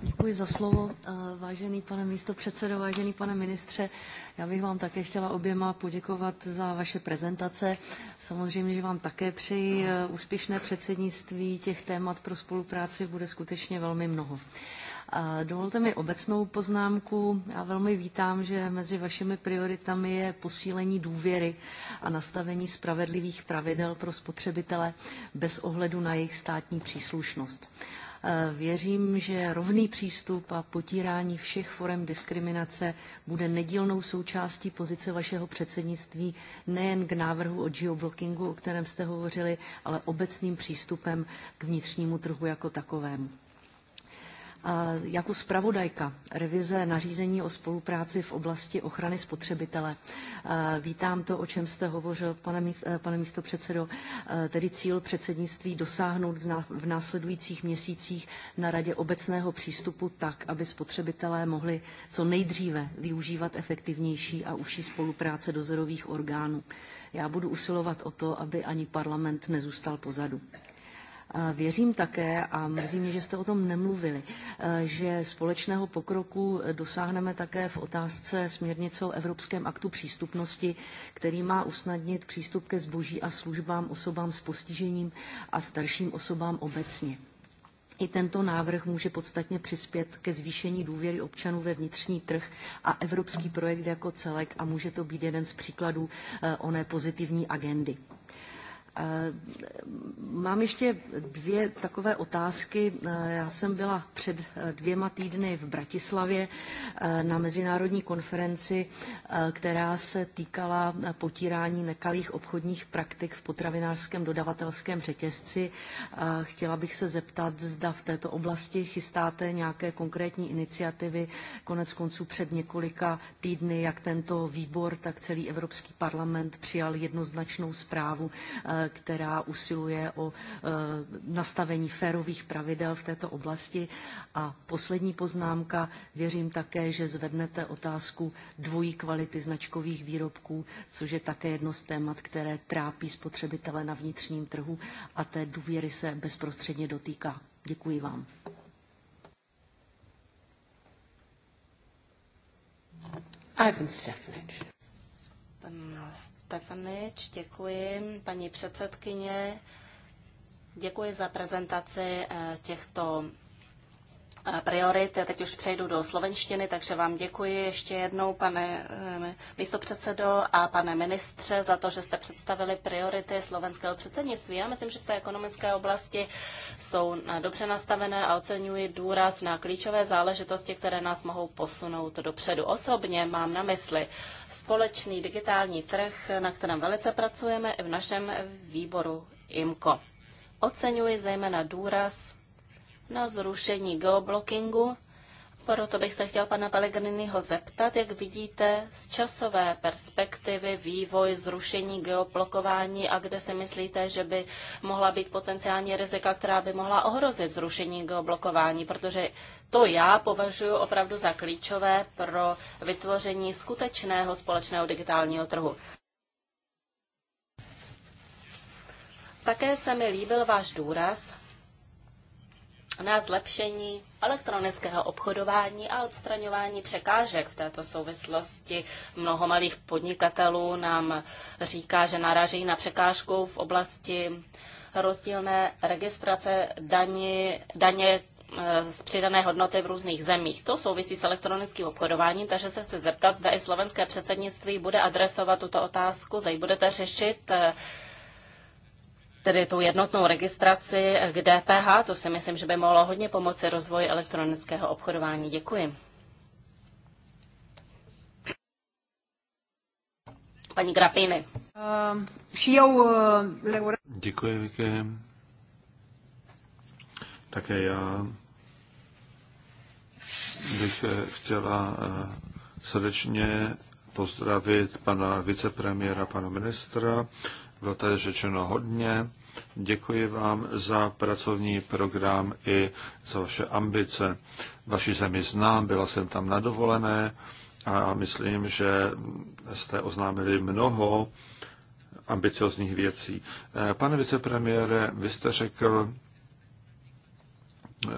Děkuji za slovo, eh, vážený pane místo předsedo, vážený pane ministře. Já bych vám také chtěla oběma poděkovat za vaše prezentace. Samozřejmě, že vám také přeji eh, úspěšné předsednictví. Těch témat pro spolupráci bude skutečně velmi mnoho. Dovolte mi obecnou poznámku. Já velmi vítám, že mezi vašimi prioritami je posílení důvěry a nastavení spravedlivých pravidel pro spotřebitele bez ohledu na jejich státní příslušnost. E, věřím, že rovný přístup a potírání všech forem diskriminace bude nedílnou součástí pozice vašeho předsednictví nejen k návrhu o geoblockingu, o kterém jste hovořili, ale obecným přístupem k vnitřnímu trhu jako takovému. Jako zpravodajka revize nařízení o spolupráci v oblasti ochrany spotřebitele eh, vítám to, o čem jste hovořil, pane, eh, pane místopředsedo, eh, tedy cíl předsednictví dosáhnout v následujících měsících na radě obecného přístupu tak, aby spotřebitelé mohli co nejdříve využívat efektivnější a užší spolupráce dozorových orgánů. Já budu usilovat o to, aby ani parlament nezůstal pozadu. Věřím také, a mrzí mě, že jste o tom nemluvili, eh, že společného pokroku eh, dosáhneme také v otázce směrnice o Evropském aktu přístupnosti, který má usnadnit přístup ke zboží a službám osobám s postižením a starším osobám obecně. I tento návrh může podstatně přispět ke zvýšení důvěry občanů ve vnitřní trh a evropský projekt jako celek a může to být jeden z příkladů eh, oné pozitivní agendy. Mám ještě dvě takové otázky. Já jsem byla před e, dvěma týdny v Bratislavě e, na mezinárodní konferenci, e, která se týkala potírání nekalých obchodních praktik v potravinářském dodavatelském řetězci. Chtěla bych se zeptat, zda v této oblasti chystáte nějaké konkrétní iniciativy. Konec konců před několika týdny, jak tento výbor, tak celý Evropský parlament přijal jednoznačnou zprávu která usiluje o eh, nastavení férových pravidel v této oblasti. A poslední poznámka, věřím také, že zvednete otázku dvojí kvality značkových výrobků, což je také jedno z témat, které trápí spotřebitele na vnitřním trhu a té důvěry se bezprostředně dotýká. Děkuji vám. Ivan Stefanik. Stefanič, děkuji. Paní předsedkyně, děkuji za prezentaci eh, těchto priorit. Já teď už přejdu do slovenštiny, takže vám děkuji ještě jednou, pane eh, místopředsedo a pane ministře, za to, že jste představili priority slovenského předsednictví. Já myslím, že v té ekonomické oblasti jsou dobře nastavené a oceňuji důraz na klíčové záležitosti, které nás mohou posunout dopředu. Osobně mám na mysli společný digitální trh, na kterém velice pracujeme i v našem výboru IMCO. Oceňuji zejména důraz na zrušení geoblockingu. Proto bych se chtěl pana Pellegriniho zeptat, jak vidíte z časové perspektivy vývoj zrušení geoblokování a kde si myslíte, že by mohla být potenciální rizika, která by mohla ohrozit zrušení geoblokování, protože to já považuji opravdu za klíčové pro vytvoření skutečného společného digitálního trhu. Také se mi líbil váš důraz na zlepšení elektronického obchodování a odstraňování překážek v této souvislosti. Mnoho malých podnikatelů nám říká, že narážejí na překážku v oblasti rozdílné registrace daní, daně eh, z přidané hodnoty v různých zemích. To souvisí s elektronickým obchodováním, takže se chci zeptat, zda i slovenské předsednictví bude adresovat tuto otázku, zda ji budete řešit eh, tedy tu jednotnou registraci k DPH. To si myslím, že by mohlo hodně pomoci rozvoji elektronického obchodování. Děkuji. Paní Grapiny. Děkuji, Vicky. Také já bych eh, chtěla eh, srdečně pozdravit pana vicepremiéra, pana ministra bylo tady řečeno hodně. Děkuji vám za pracovní program i za vaše ambice. Vaši zemi znám, byla jsem tam na dovolené a myslím, že jste oznámili mnoho ambiciozních věcí. Eh, pane vicepremiére, vy jste řekl, eh,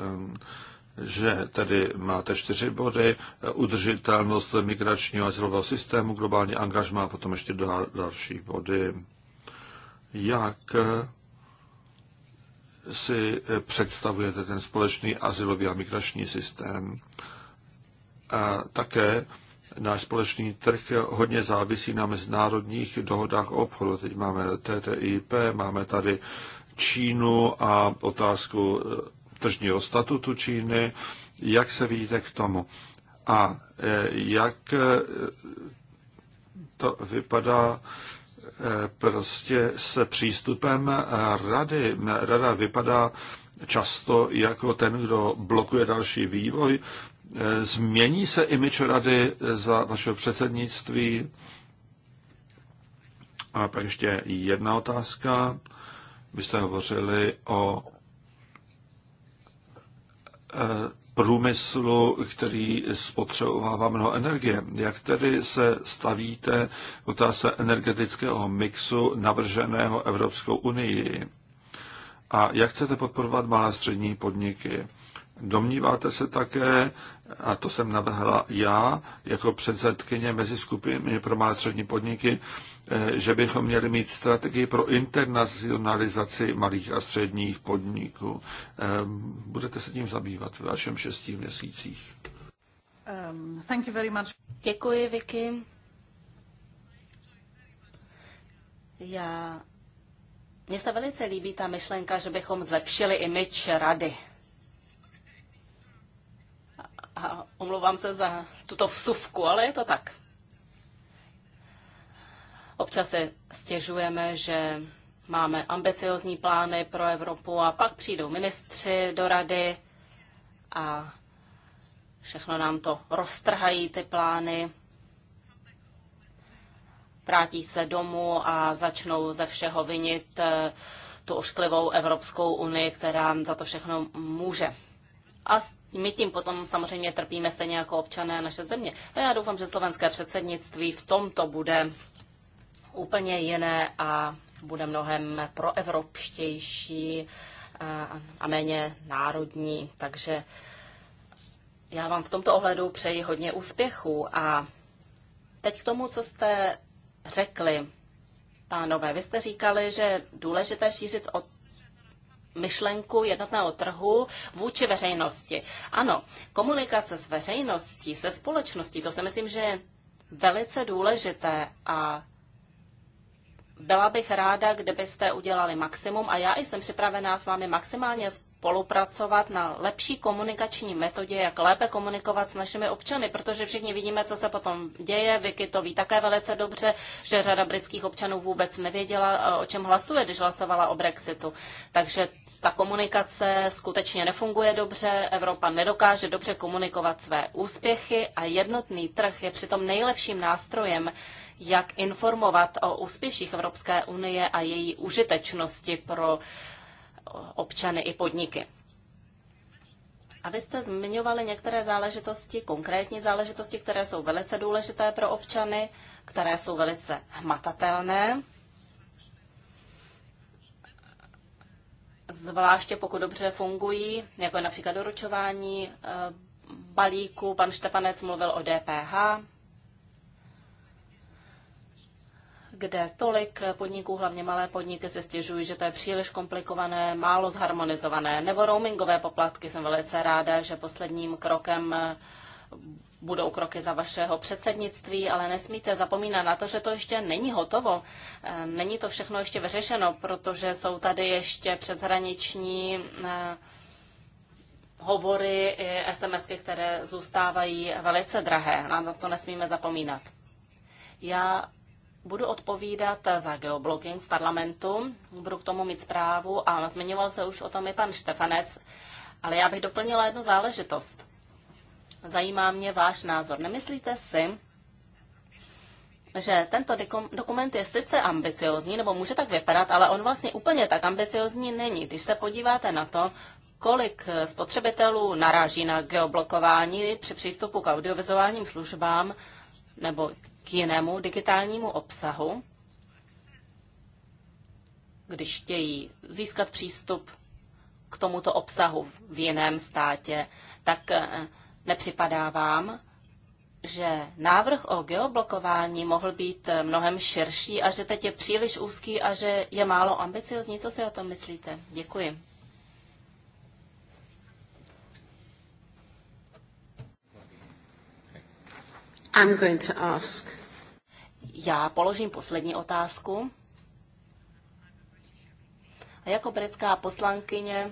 že tedy máte čtyři body, udržitelnost migračního a systému, globální angažma a potom ještě další body jak eh, si eh, představujete ten společný azylový a migrační systém. A také náš společný trh hodně závisí na mezinárodních dohodách obchodu. Teď máme TTIP, máme tady Čínu a otázku eh, tržního statutu Číny. Jak se vidíte k tomu? A jak to vypadá prostě s přístupem rady. Rada vypadá často jako ten, kdo blokuje další vývoj. Změní se imič rady za vašeho předsednictví? A pak ještě jedna otázka. Vy jste hovořili o eh, průmyslu, který spotřebovává mnoho energie. Jak tedy se stavíte otázce energetického mixu navrženého Evropskou unii? A jak chcete podporovat malé střední podniky? Domníváte se také, a to jsem navrhla já, jako předsedkyně mezi skupiny pro malé střední podniky, Eh, že bychom měli mít strategii pro internacionalizaci malých a středních podniků. Ehm, budete se tím zabývat v vašem šestí měsících. Ehm, thank you very much. Děkuji, Vicky. Já... Mně se velice líbí ta myšlenka, že bychom zlepšili imič rady. a omlouvám se za tuto vsuvku, ale je to tak. Občas se stěžujeme, že máme ambiciozní plány pro Evropu a pak přijdou ministři do rady a všechno nám to roztrhají ty plány. Vrátí se domů a začnou ze všeho vinit eh, tu ošklivou Evropskou unii, která za to všechno může. A my tím potom samozřejmě trpíme stejně jako občané naše země. A já doufám, že slovenské předsednictví v tomto bude úplně jiné a bude mnohem proevropštější a méně národní. Takže já vám v tomto ohledu přeji hodně úspěchů. A teď k tomu, co jste řekli, pánové. Vy jste říkali, že je důležité šířit o myšlenku jednotného trhu vůči veřejnosti. Ano, komunikace s veřejností, se společností, to si myslím, že je velice důležité a byla bych ráda, kdybyste udělali maximum a já jsem připravená s vámi maximálně spolupracovat na lepší komunikační metodě, jak lépe komunikovat s našimi občany, protože všichni vidíme, co se potom děje. Vicky to ví také velice dobře, že řada britských občanů vůbec nevěděla, eh, o čem hlasuje, když hlasovala o Brexitu. Takže ta komunikace skutečně nefunguje dobře, Evropa nedokáže dobře komunikovat své úspěchy a jednotný trh je přitom nejlepším nástrojem, jak informovat o úspěších Evropské unie a její užitečnosti pro občany i podniky. A vy jste zmiňovali některé záležitosti, konkrétní záležitosti, které jsou velice důležité pro občany, které jsou velice hmatatelné. zvláště pokud dobře fungují, jako je například doručování eh, balíku. Pan Štefanec mluvil o DPH, kde tolik podniků, hlavně malé podniky, se stěžují, že to je příliš komplikované, málo zharmonizované. Nebo roamingové poplatky. Jsem velice ráda, že posledním krokem eh, budou kroky za vašeho předsednictví, ale nesmíte zapomínat na to, že to ještě není hotovo. Eh, není to všechno ještě vyřešeno, protože jsou tady ještě přeshraniční eh, hovory i SMSky, které zůstávají velice drahé. Na to nesmíme zapomínat. Já budu odpovídat za geoblocking v parlamentu, budu k tomu mít zprávu a zmiňoval se už o tom i pan Štefanec, ale já bych doplnila jednu záležitost. Zajímá mě váš názor. Nemyslíte si, že tento dokument je sice ambiciozní, nebo může tak vypadat, ale on vlastně úplně tak ambiciozní není. Když se podíváte na to, kolik spotřebitelů naráží na geoblokování při přístupu k audiovizuálním službám nebo k jinému digitálnímu obsahu, když chtějí získat přístup k tomuto obsahu v jiném státě, tak eh, Nepřipadá vám, že návrh o geoblokování mohl být mnohem širší a že teď je příliš úzký a že je málo ambiciozní. Co si o tom myslíte? Děkuji. I'm going to ask. Já položím poslední otázku. A jako britská poslankyně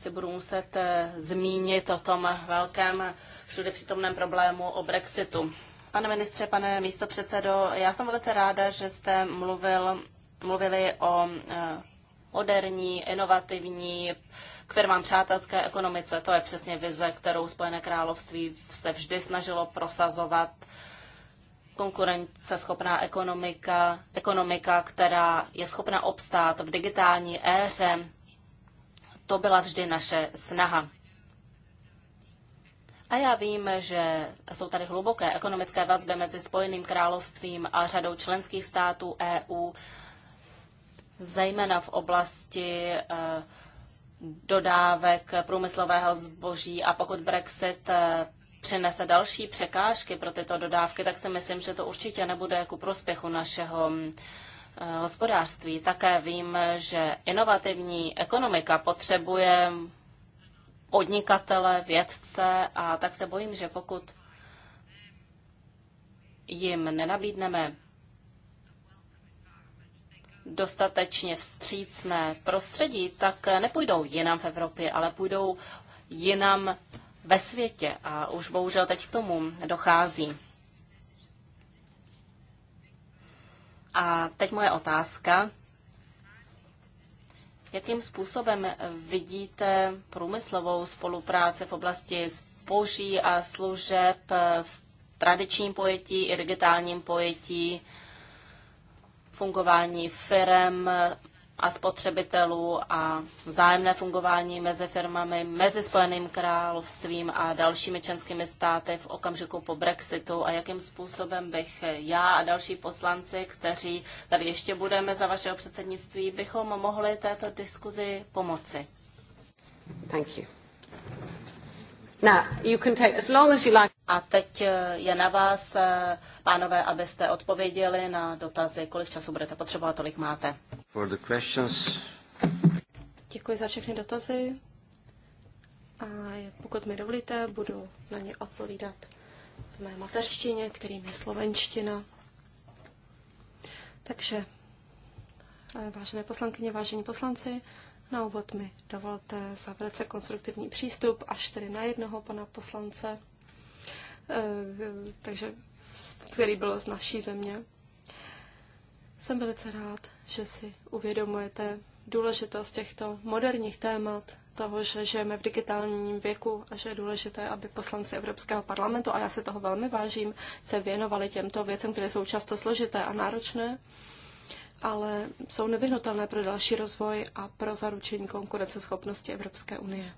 si budu muset eh, zmínit o tom velkém všude přítomném problému o Brexitu. Pane ministře, pane místopředsedo, já jsem velice ráda, že jste mluvil, mluvili o eh, moderní, inovativní, k firmám přátelské ekonomice. To je přesně vize, kterou Spojené království se vždy snažilo prosazovat. Konkurenceschopná ekonomika, ekonomika, která je schopna obstát v digitální éře, to byla vždy naše snaha. A já vím, že jsou tady hluboké ekonomické vazby mezi Spojeným královstvím a řadou členských států EU, zejména v oblasti eh, dodávek průmyslového zboží a pokud Brexit eh, přinese další překážky pro tyto dodávky, tak si myslím, že to určitě nebude ku prospěchu našeho Eh, hospodářství. Také vím, že inovativní ekonomika potřebuje podnikatele, vědce a tak se bojím, že pokud jim nenabídneme dostatečně vstřícné prostředí, tak nepůjdou jinam v Evropě, ale půjdou jinam ve světě. A už bohužel teď k tomu dochází. A teď moje otázka. Jakým způsobem vidíte průmyslovou spolupráci v oblasti zboží a služeb v tradičním pojetí i digitálním pojetí, fungování firm, a spotřebitelů a vzájemné fungování mezi firmami, mezi Spojeným královstvím a dalšími členskými státy v okamžiku po Brexitu a jakým způsobem bych já a další poslanci, kteří tady ještě budeme za vašeho předsednictví, bychom mohli této diskuzi pomoci. Thank you. Now, you can take as long as you like. A teď je na vás, eh, Pánové, abyste odpověděli na dotazy, kolik času budete potřebovat, tolik máte. For the questions. Děkuji za všechny dotazy a pokud mi dovolíte, budu na ně odpovídat v mé mateřštině, kterým je slovenština. Takže, eh, vážené poslankyně, vážení poslanci, na úvod mi dovolte za velice konstruktivní přístup až tedy na jednoho pana poslance. Eh, takže který byl z naší země. Jsem velice rád, že si uvědomujete důležitost těchto moderních témat, toho, že žijeme v digitálním věku a že je důležité, aby poslanci Evropského parlamentu, a já se toho velmi vážím, se věnovali těmto věcem, které jsou často složité a náročné, ale jsou nevyhnutelné pro další rozvoj a pro zaručení konkurenceschopnosti Evropské unie.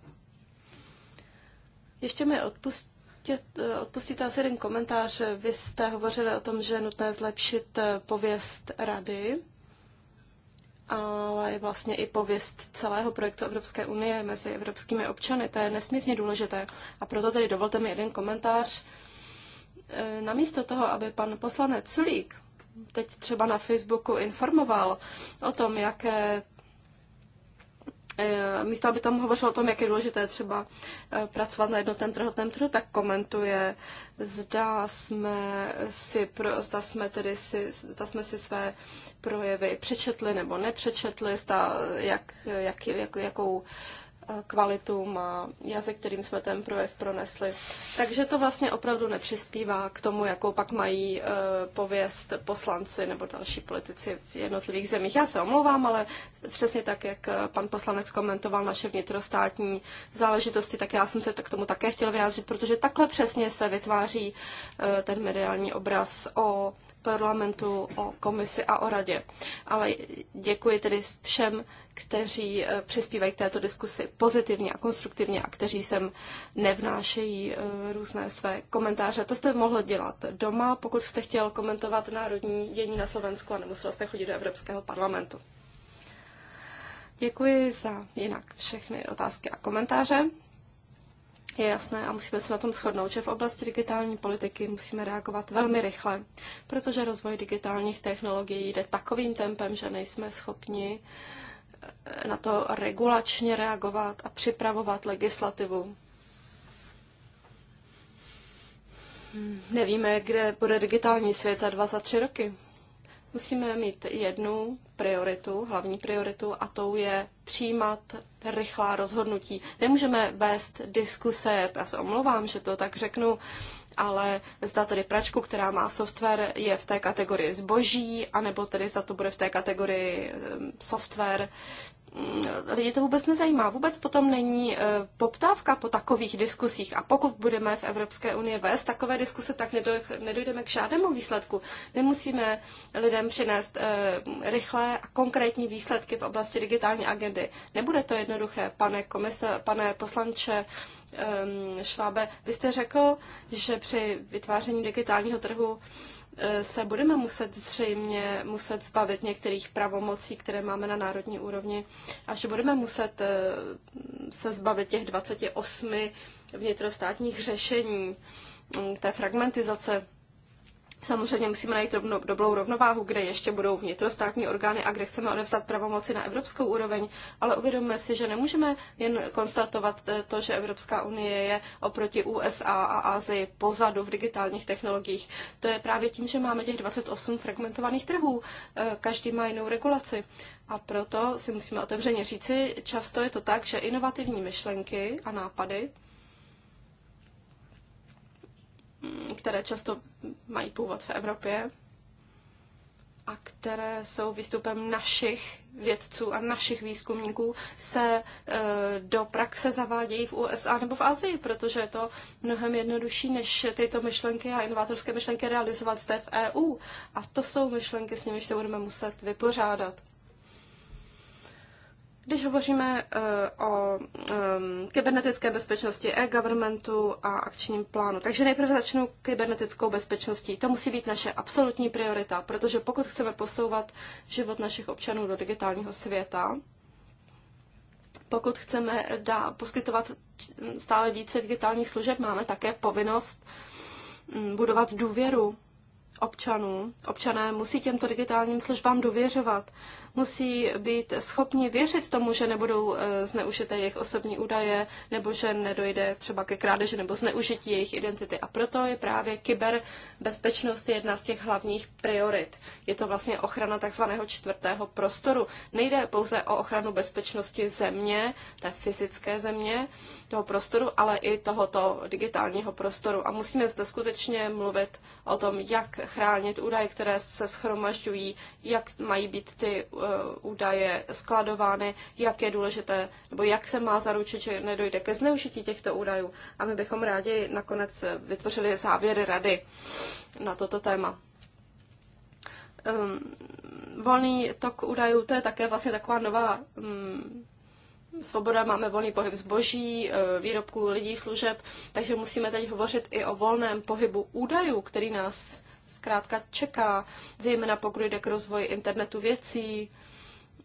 Ještě mi odpust, chtět eh, odpustit asi jeden komentář. Vy jste hovořili o tom, že je nutné zlepšit eh, pověst rady, ale vlastně i pověst celého projektu Evropské unie mezi evropskými občany. To je nesmírně důležité. A proto tedy dovolte mi jeden komentář. Eh, namísto toho, aby pan poslanec Sulík teď třeba na Facebooku informoval o tom, jaké Eh, místo aby tam hovořil o tom, jak je důležité třeba eh, pracovat na jednotném trhotném trhu, tak komentuje, zda jsme si, pro, zda jsme tedy si, zda jsme si své projevy přečetli nebo nepřečetli, zda jak, jak, jak, jakou Eh, kvalitu má jazyk, kterým jsme ten projev pronesli. Takže to vlastně opravdu nepřispívá k tomu, jakou pak mají eh, pověst poslanci nebo další politici v jednotlivých zemích. Já se omlouvám, ale přesně tak, jak eh, pan poslanec komentoval naše vnitrostátní záležitosti, tak já jsem se k tomu také chtěl vyjádřit, protože takhle přesně se vytváří ten mediální obraz o parlamentu, o komisi a o radě. Ale děkuji tedy všem, kteří eh, přispívají k této diskusi pozitivně a konstruktivně a kteří sem nevnášejí eh, různé své komentáře. To jste mohlo dělat doma, pokud jste chtěl komentovat národní dění na Slovensku a nemusel jste vlastně chodit do Evropského parlamentu. Děkuji za jinak všechny otázky a komentáře. Je jasné a musíme se na tom shodnout, že v oblasti digitální politiky musíme reagovat velmi rychle, protože rozvoj digitálních technologií jde takovým tempem, že nejsme schopni eh, na to regulačně reagovat a připravovat legislativu. Nevíme, kde bude digitální svět za dva, za tři roky. Musíme mít jednu prioritu, hlavní prioritu, a tou je přijímat rychlá rozhodnutí. Nemůžeme vést diskuse, já se omlouvám, že to tak řeknu, ale zda tedy pračku, která má software, je v té kategorii zboží, anebo tedy zda to bude v té kategorii ehm, software, Mm, lidi to vůbec nezajímá. Vůbec potom není eh, poptávka po takových diskusích. A pokud budeme v Evropské unii vést takové diskuse, tak nedojdeme k žádnému výsledku. My musíme lidem přinést eh, rychlé a konkrétní výsledky v oblasti digitální agendy. Nebude to jednoduché, pane, komise, pane poslanče ehm, Švábe. Vy jste řekl, že při vytváření digitálního trhu Eh, se budeme muset zřejmě muset zbavit některých pravomocí, které máme na národní úrovni, a že budeme muset eh, se zbavit těch 28 vnitrostátních řešení, mm, té fragmentizace Samozřejmě musíme najít rovno, dobrou rovnováhu, kde ještě budou vnitrostátní orgány a kde chceme odevzdat pravomoci na evropskou úroveň, ale uvědomme si, že nemůžeme jen konstatovat to, že Evropská unie je oproti USA a Asii pozadu v digitálních technologiích. To je právě tím, že máme těch 28 fragmentovaných trhů. E, každý má jinou regulaci. A proto si musíme otevřeně říci, často je to tak, že inovativní myšlenky a nápady které často mají původ v Evropě a které jsou výstupem našich vědců a našich výzkumníků, se eh, do praxe zavádějí v USA nebo v Asii, protože je to mnohem jednodušší, než tyto myšlenky a inovátorské myšlenky realizovat zde v EU. A to jsou myšlenky, s nimiž se budeme muset vypořádat. Když hovoříme eh, o ehm, kybernetické bezpečnosti, e-governmentu a akčním plánu, takže nejprve začnu kybernetickou bezpečností. To musí být naše absolutní priorita, protože pokud chceme posouvat život našich občanů do digitálního světa, pokud chceme poskytovat stále více digitálních služeb, máme také povinnost mm, budovat důvěru občanů. Občané musí těmto digitálním službám důvěřovat. Musí být schopni věřit tomu, že nebudou eh, zneužité jejich osobní údaje, nebo že nedojde třeba ke krádeži nebo zneužití jejich identity. A proto je právě kyberbezpečnost jedna z těch hlavních priorit. Je to vlastně ochrana takzvaného čtvrtého prostoru. Nejde pouze o ochranu bezpečnosti země, té fyzické země, toho prostoru, ale i tohoto digitálního prostoru. A musíme zde skutečně mluvit o tom, jak chránit údaje, které se schromažďují, jak mají být ty eh, údaje skladovány, jak je důležité, nebo jak se má zaručit, že nedojde ke zneužití těchto údajů. A my bychom rádi nakonec vytvořili závěry rady na toto téma ehm, volný tok údajů, to je také vlastně taková nová mm, svoboda, máme volný pohyb zboží, eh, výrobků, lidí, služeb, takže musíme teď hovořit i o volném pohybu údajů, který nás zkrátka čeká, zejména pokud jde k rozvoji internetu věcí,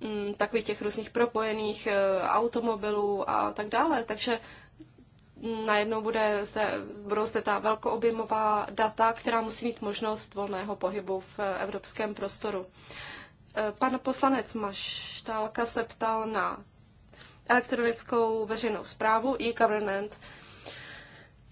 mm, takových těch různých propojených eh, automobilů a tak dále. Takže najednou bude zde, budou zde ta velkoobjemová data, která musí mít možnost volného pohybu v eh, evropském prostoru. Eh, pan poslanec Maštálka se ptal na elektronickou veřejnou zprávu e-government.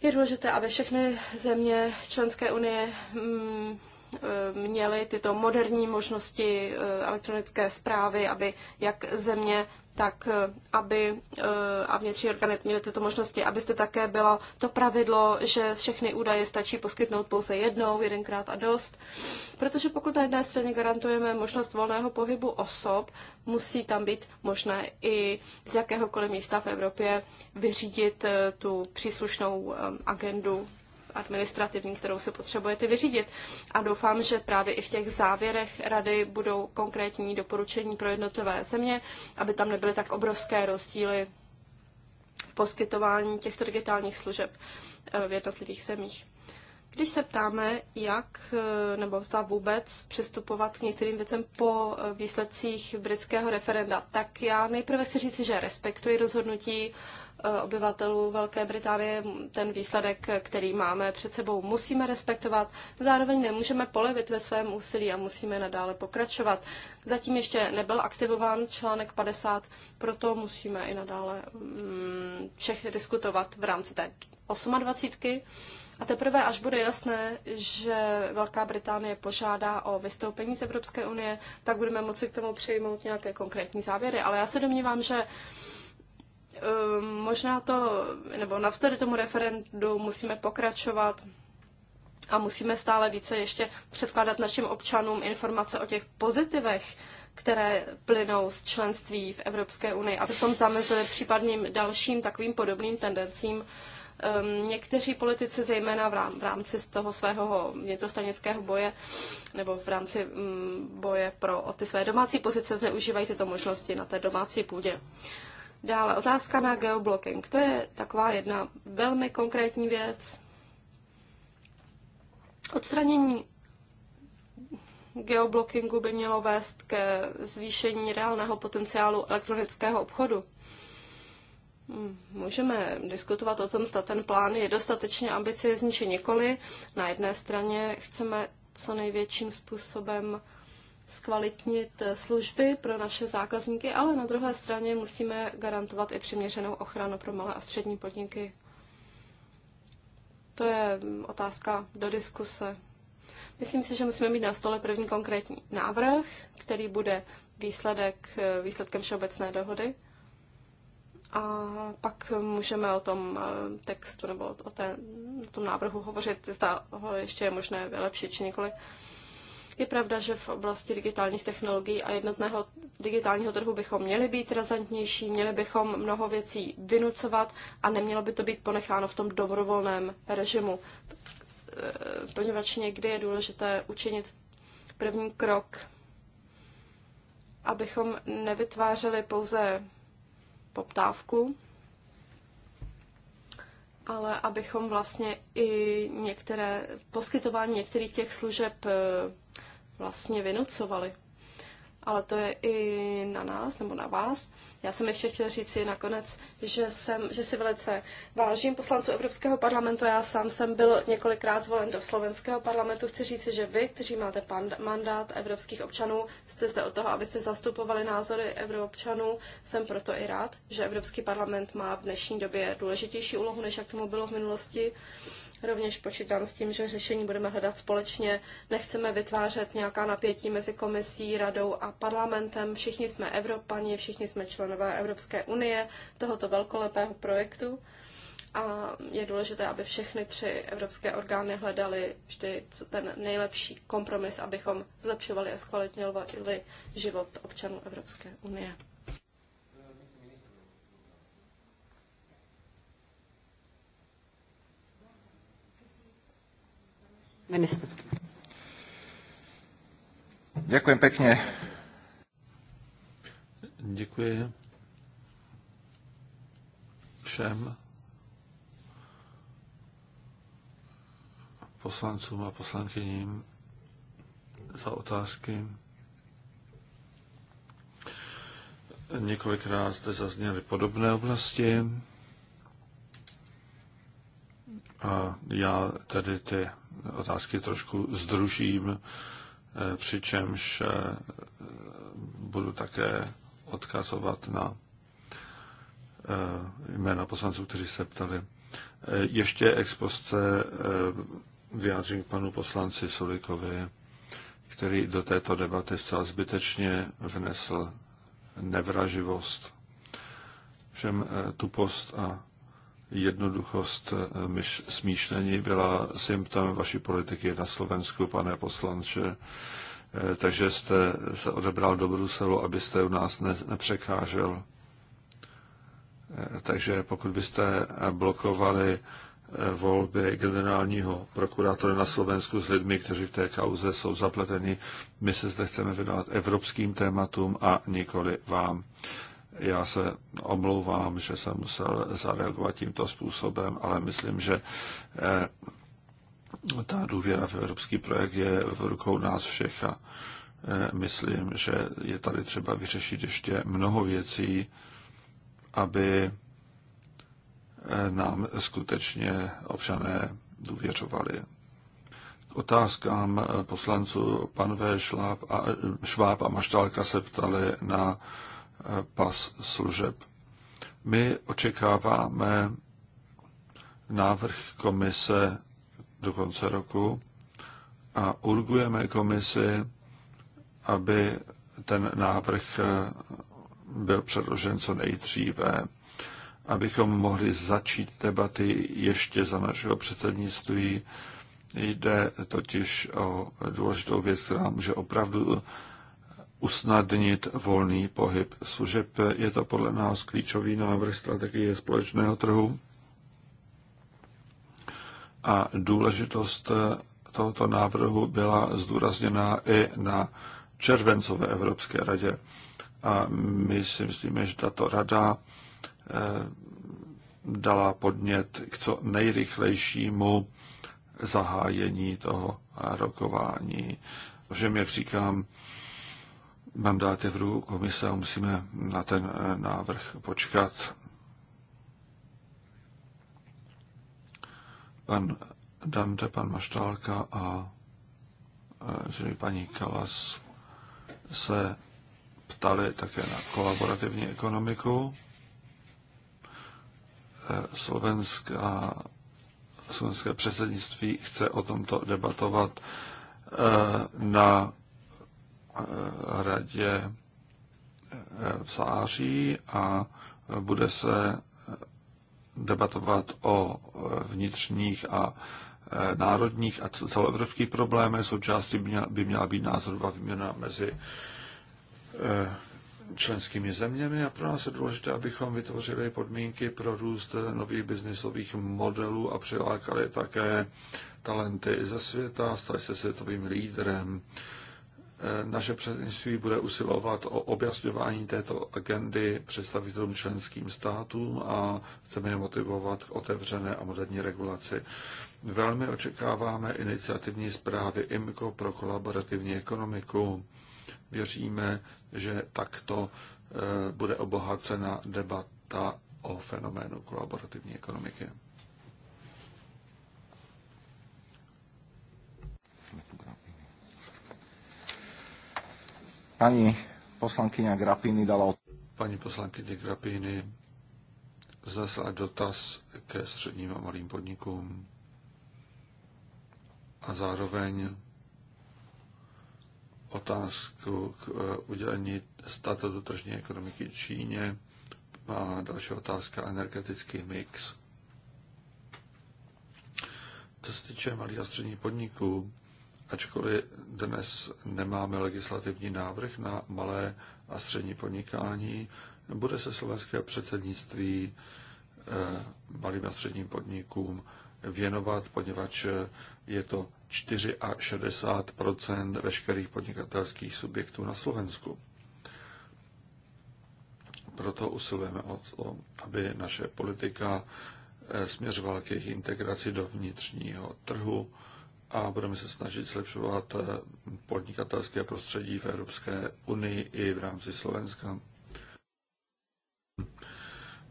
Je důležité, aby všechny země členské unie mm, e, měly tyto moderní možnosti e, elektronické zprávy, aby jak země tak eh, aby eh, a větší orgány měly tyto možnosti, abyste také bylo to pravidlo, že všechny údaje stačí poskytnout pouze jednou, jedenkrát a dost. Protože pokud na jedné straně garantujeme možnost volného pohybu osob, musí tam být možné i z jakéhokoliv místa v Evropě vyřídit eh, tu příslušnou agendu administrativní, kterou si potřebujete vyřídit. A doufám, že právě i v těch závěrech rady budou konkrétní doporučení pro jednotlivé země, aby tam nebyly tak obrovské rozdíly v poskytování těchto digitálních služeb eh, v jednotlivých zemích. Když se ptáme, jak eh, nebo zda vůbec přistupovat k některým věcem po eh, výsledcích britského referenda, tak já nejprve chci říci, že respektuji rozhodnutí Eh, obyvatelů Velké Británie ten výsledek, který máme před sebou, musíme respektovat. Zároveň nemůžeme polevit ve svém úsilí a musíme nadále pokračovat. Zatím ještě nebyl aktivován článek 50, proto musíme i nadále všech mm, diskutovat v rámci té 28. A teprve, až bude jasné, že Velká Británie požádá o vystoupení z Evropské unie, tak budeme moci k tomu přijmout nějaké konkrétní závěry. Ale já se domnívám, že Ehm, možná to, nebo navzdory tomu referendu musíme pokračovat a musíme stále více ještě předkládat našim občanům informace o těch pozitivech, které plynou z členství v Evropské unii, abychom zamezili případným dalším takovým podobným tendencím. Ehm, někteří politici, zejména v rámci z toho svého vnitrostanického boje nebo v rámci mm, boje pro o ty své domácí pozice, zneužívají tyto možnosti na té domácí půdě. Dále otázka na geoblocking. To je taková jedna velmi konkrétní věc. Odstranění geoblockingu by mělo vést ke zvýšení reálného potenciálu elektronického obchodu. Hmm, můžeme diskutovat o tom, zda ten plán je dostatečně ambiciozní či nikoli. Na jedné straně chceme co největším způsobem zkvalitnit eh, služby pro naše zákazníky, ale na druhé straně musíme garantovat i přiměřenou ochranu pro malé a střední podniky. To je mm, otázka do diskuse. Myslím si, že musíme mít na stole první konkrétní návrh, který bude výsledek, eh, výsledkem všeobecné dohody. A pak můžeme o tom eh, textu nebo o, té, o tom návrhu hovořit, zda ho ještě je možné vylepšit či nikoli. Je pravda, že v oblasti digitálních technologií a jednotného digitálního trhu bychom měli být razantnější, měli bychom mnoho věcí vynucovat a nemělo by to být ponecháno v tom dobrovolném režimu, e, poněvadž někdy je důležité učinit první krok, abychom nevytvářeli pouze poptávku, ale abychom vlastně i některé poskytování některých těch služeb e, vlastně vynucovali. Ale to je i na nás, nebo na vás. Já jsem ještě chtěla říct si nakonec, že, jsem, že si velice vážím poslanců Evropského parlamentu. Já sám jsem byl několikrát zvolen do slovenského parlamentu. Chci říct, že vy, kteří máte mandát evropských občanů, jste zde o toho, abyste zastupovali názory evropčanů. Jsem proto i rád, že Evropský parlament má v dnešní době důležitější úlohu, než jak tomu bylo v minulosti. Uh, Rovněž počítám s tím, že řešení budeme hledat společně. Nechceme vytvářet nějaká napětí mezi komisí, radou a parlamentem. Všichni jsme Evropani, všichni jsme členové Evropské unie tohoto velkolepého projektu. A je důležité, aby všechny tři evropské orgány hledaly vždy ten nejlepší kompromis, abychom zlepšovali a zkvalitňovali život občanů Evropské unie. Minister. Děkuji pěkně. Děkuji všem poslancům a poslankyním za otázky. Několikrát zde zazněly podobné oblasti a já tedy ty otázky trošku združím, eh, přičemž eh, budu také odkazovat na eh, jména poslanců, kteří se ptali. Ještě ex poste vyjádřím k panu poslanci Sulikovi, který do této debaty zcela zbytečně vnesl nevraživost, všem tupost a jednoduchost eh, myš, smýšlení byla symptom vaší politiky na Slovensku, pane poslanče. Eh, takže jste se odebral do Bruselu, abyste u nás ne, nepřekážel. Eh, takže pokud byste blokovali volby generálního prokurátora na Slovensku s lidmi, kteří v té kauze jsou zapleteni, my se zde chceme vydat evropským tématům a nikoli vám. Já se omlouvám, že jsem musel zareagovat tímto způsobem, ale myslím, že eh, ta důvěra v evropský projekt je v rukou nás všech a eh, myslím, že je tady třeba vyřešit ještě mnoho věcí, aby eh, nám skutečně občané důvěřovali. K otázkám poslanců pan V. a, Šváb a Maštálka se ptali na pas služeb. My očekáváme návrh komise do konce roku a urgujeme komisi, aby ten návrh eh, byl předložen co nejdříve, abychom mohli začít debaty ještě za našeho předsednictví. Jde totiž o důležitou věc, která může opravdu usnadnit volný pohyb služeb. Je to podle nás klíčový návrh strategie společného trhu a důležitost tohoto návrhu byla zdůrazněna i na červencové Evropské radě. A my si myslíme, že tato rada eh, dala podnět k co nejrychlejšímu zahájení toho rokování. Všem, jak říkám, mandát je v rukou komise a musíme na ten eh, návrh počkat. Pan Dante, pan Maštálka a eh, paní Kalas se ptali také na kolaborativní ekonomiku. Eh, Slovenská, slovenské předsednictví chce o tomto debatovat na radě eh, v září a bude se debatovat o eh, vnitřních a eh, národních a celoevropských problémech. Součástí by měla být názorová výměna mezi členskými zeměmi a pro nás je důležité, abychom vytvořili podmínky pro růst nových biznisových modelů a přilákali také talenty ze světa, stali se světovým lídrem. Eh, naše předsednictví bude usilovat o objasňování této agendy představitelům členským státům a chceme je motivovat k otevřené a moderní regulaci. Velmi očekáváme iniciativní zprávy IMCO pro kolaborativní ekonomiku. Věříme, že takto eh, bude obohacena debata o fenoménu kolaborativní ekonomiky. Pani poslankyňa Grapiny dala od... Pani poslankyně Grapiny zaslala dotaz ke středním a malým podnikům a zároveň otázku k eh, udělení do tržní ekonomiky Číně a další otázka energetický mix. Co se týče malých a středních podniků, ačkoliv dnes nemáme legislativní návrh na malé a střední podnikání, bude se slovenské předsednictví eh, malým a středním podnikům věnovat, poněvadž je to 64 veškerých podnikatelských subjektů na Slovensku. Proto usilujeme o to, aby naše politika eh, směřovala k jejich integraci do vnitřního trhu, a budeme se snažit zlepšovat eh, podnikatelské prostředí v Evropské unii i v rámci Slovenska.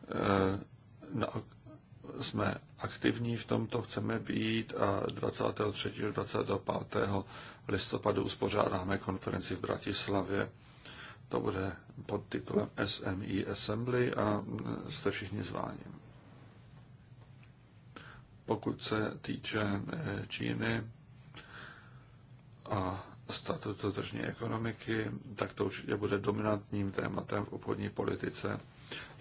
Eh, no, jsme aktivní v tomto, chceme být a 23. 25. listopadu uspořádáme konferenci v Bratislavě. To bude pod titulem SMI Assembly a mm, jste všichni zváním pokud se týče eh, Číny a statutu tržní ekonomiky, tak to určitě bude dominantním tématem v obchodní politice.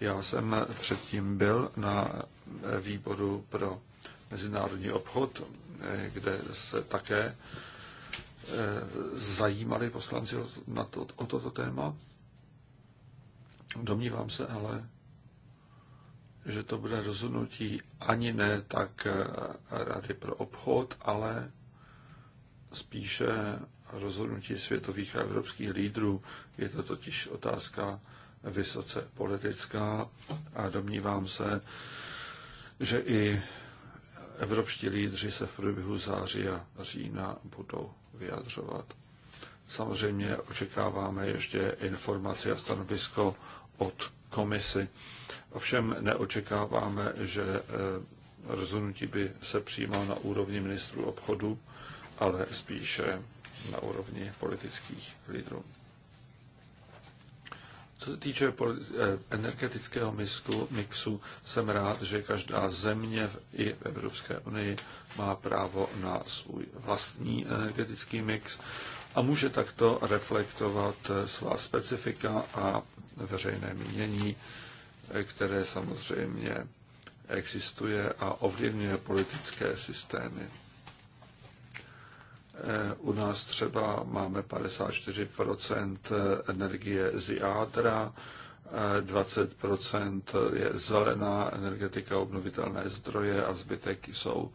Já jsem předtím byl na eh, výboru pro mezinárodní obchod, eh, kde se také zajímali poslanci o toto téma. Domnívám se ale, že to bude rozhodnutí ani ne tak eh, Rady pro obchod, ale spíše rozhodnutí světových a evropských lídrů. Je to totiž otázka vysoce politická a domnívám se, že i evropští lídři se v průběhu září a října budou vyjadřovat. Samozřejmě očekáváme ještě informaci a stanovisko od komisy. Ovšem neočekáváme, že eh, rozhodnutí by se přijímalo na úrovni ministrů obchodu, ale spíše na úrovni politických lídrů. Co se týče eh, energetického mixu, mixu, jsem rád, že každá země i v Evropské unii má právo na svůj vlastní energetický mix a může takto reflektovat eh, svá specifika a veřejné mínění které samozřejmě existuje a ovlivňuje politické systémy. Eh, u nás třeba máme 54 energie z jádra, 20 eh, je zelená energetika, obnovitelné zdroje a zbytek jsou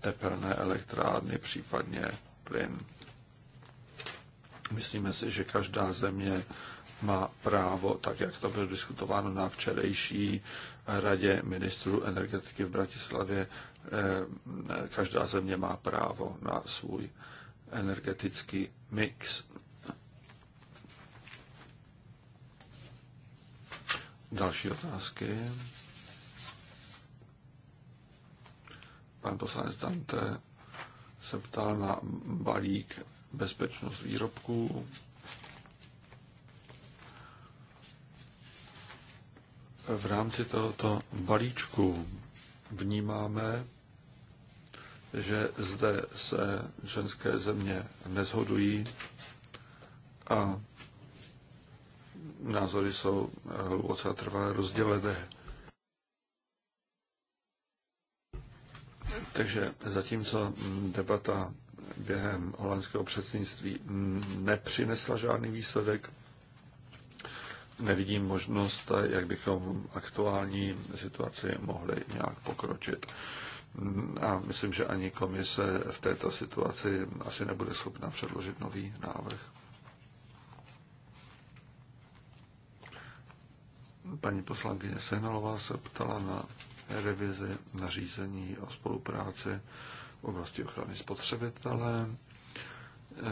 tepelné elektrárny, případně plyn. Myslíme si, že každá země má právo, tak jak to bylo diskutováno na včerejší radě ministrů energetiky v Bratislavě, eh, každá země má právo na svůj energetický mix. Další otázky. Pan poslanec Dante se ptal na balík bezpečnost výrobků. v rámci tohoto balíčku vnímáme, že zde se ženské země nezhodují a názory jsou hluboce a trvalé rozdělené. Takže zatímco debata během holandského předsednictví nepřinesla žádný výsledek, nevidím možnost, jak bychom v aktuální situaci mohli nějak pokročit. A myslím, že ani komise v této situaci asi nebude schopna předložit nový návrh. Paní poslankyně Sehnalová se ptala na revizi nařízení o spolupráci v oblasti ochrany spotřebitele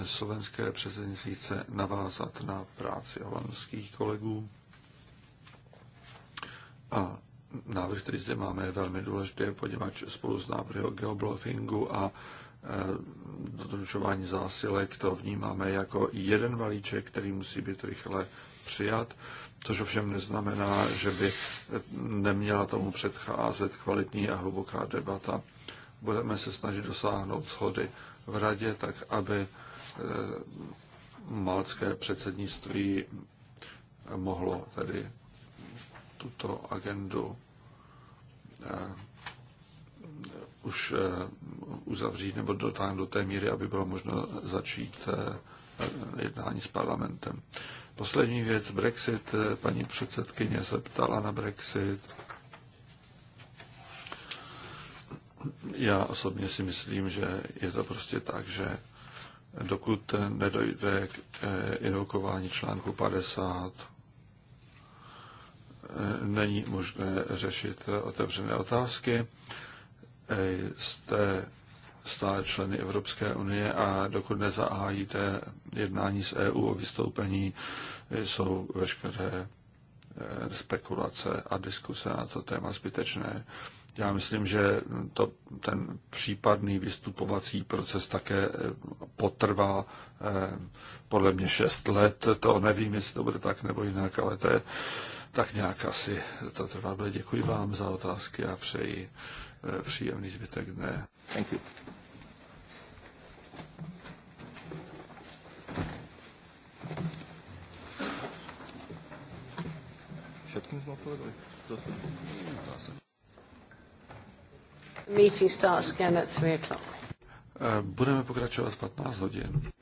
slovenské předsednictví chce navázat na práci holandských kolegů. A návrh, který zde máme, je velmi důležitý, poněvadž spolu s návrhy o geoblockingu a e, dodržování zásilek, to vnímáme jako jeden valíček, který musí být rychle přijat, což ovšem neznamená, že by neměla tomu předcházet kvalitní a hluboká debata. Budeme se snažit dosáhnout shody v radě, tak aby Eh, malcké předsednictví mohlo tedy tuto agendu eh, už eh, uzavřít nebo dotáhnout do té míry, aby bylo možno začít jednání s parlamentem. Poslední věc, Brexit. Paní předsedkyně se ptala na Brexit. Já osobně si myslím, že je to prostě tak, že dokud nedojde k eh, invokování článku 50, eh, není možné řešit otevřené otázky. Eh, jste stále členy Evropské unie a dokud nezahájíte jednání s EU o vystoupení, jsou veškeré spekulace a diskuse na to téma zbytečné. Já myslím, že to, ten případný vystupovací proces také eh, potrvá eh, podle mě 6 let. To nevím, jestli to bude tak nebo jinak, ale to je tak nějak asi to trvá. Děkuji vám za otázky a přeji eh, příjemný zbytek dne. Thank you. Všetkým jsme odpovedali. Meeting starts again at 3 o'clock. Eh, budeme pokračovat v 15 hodin.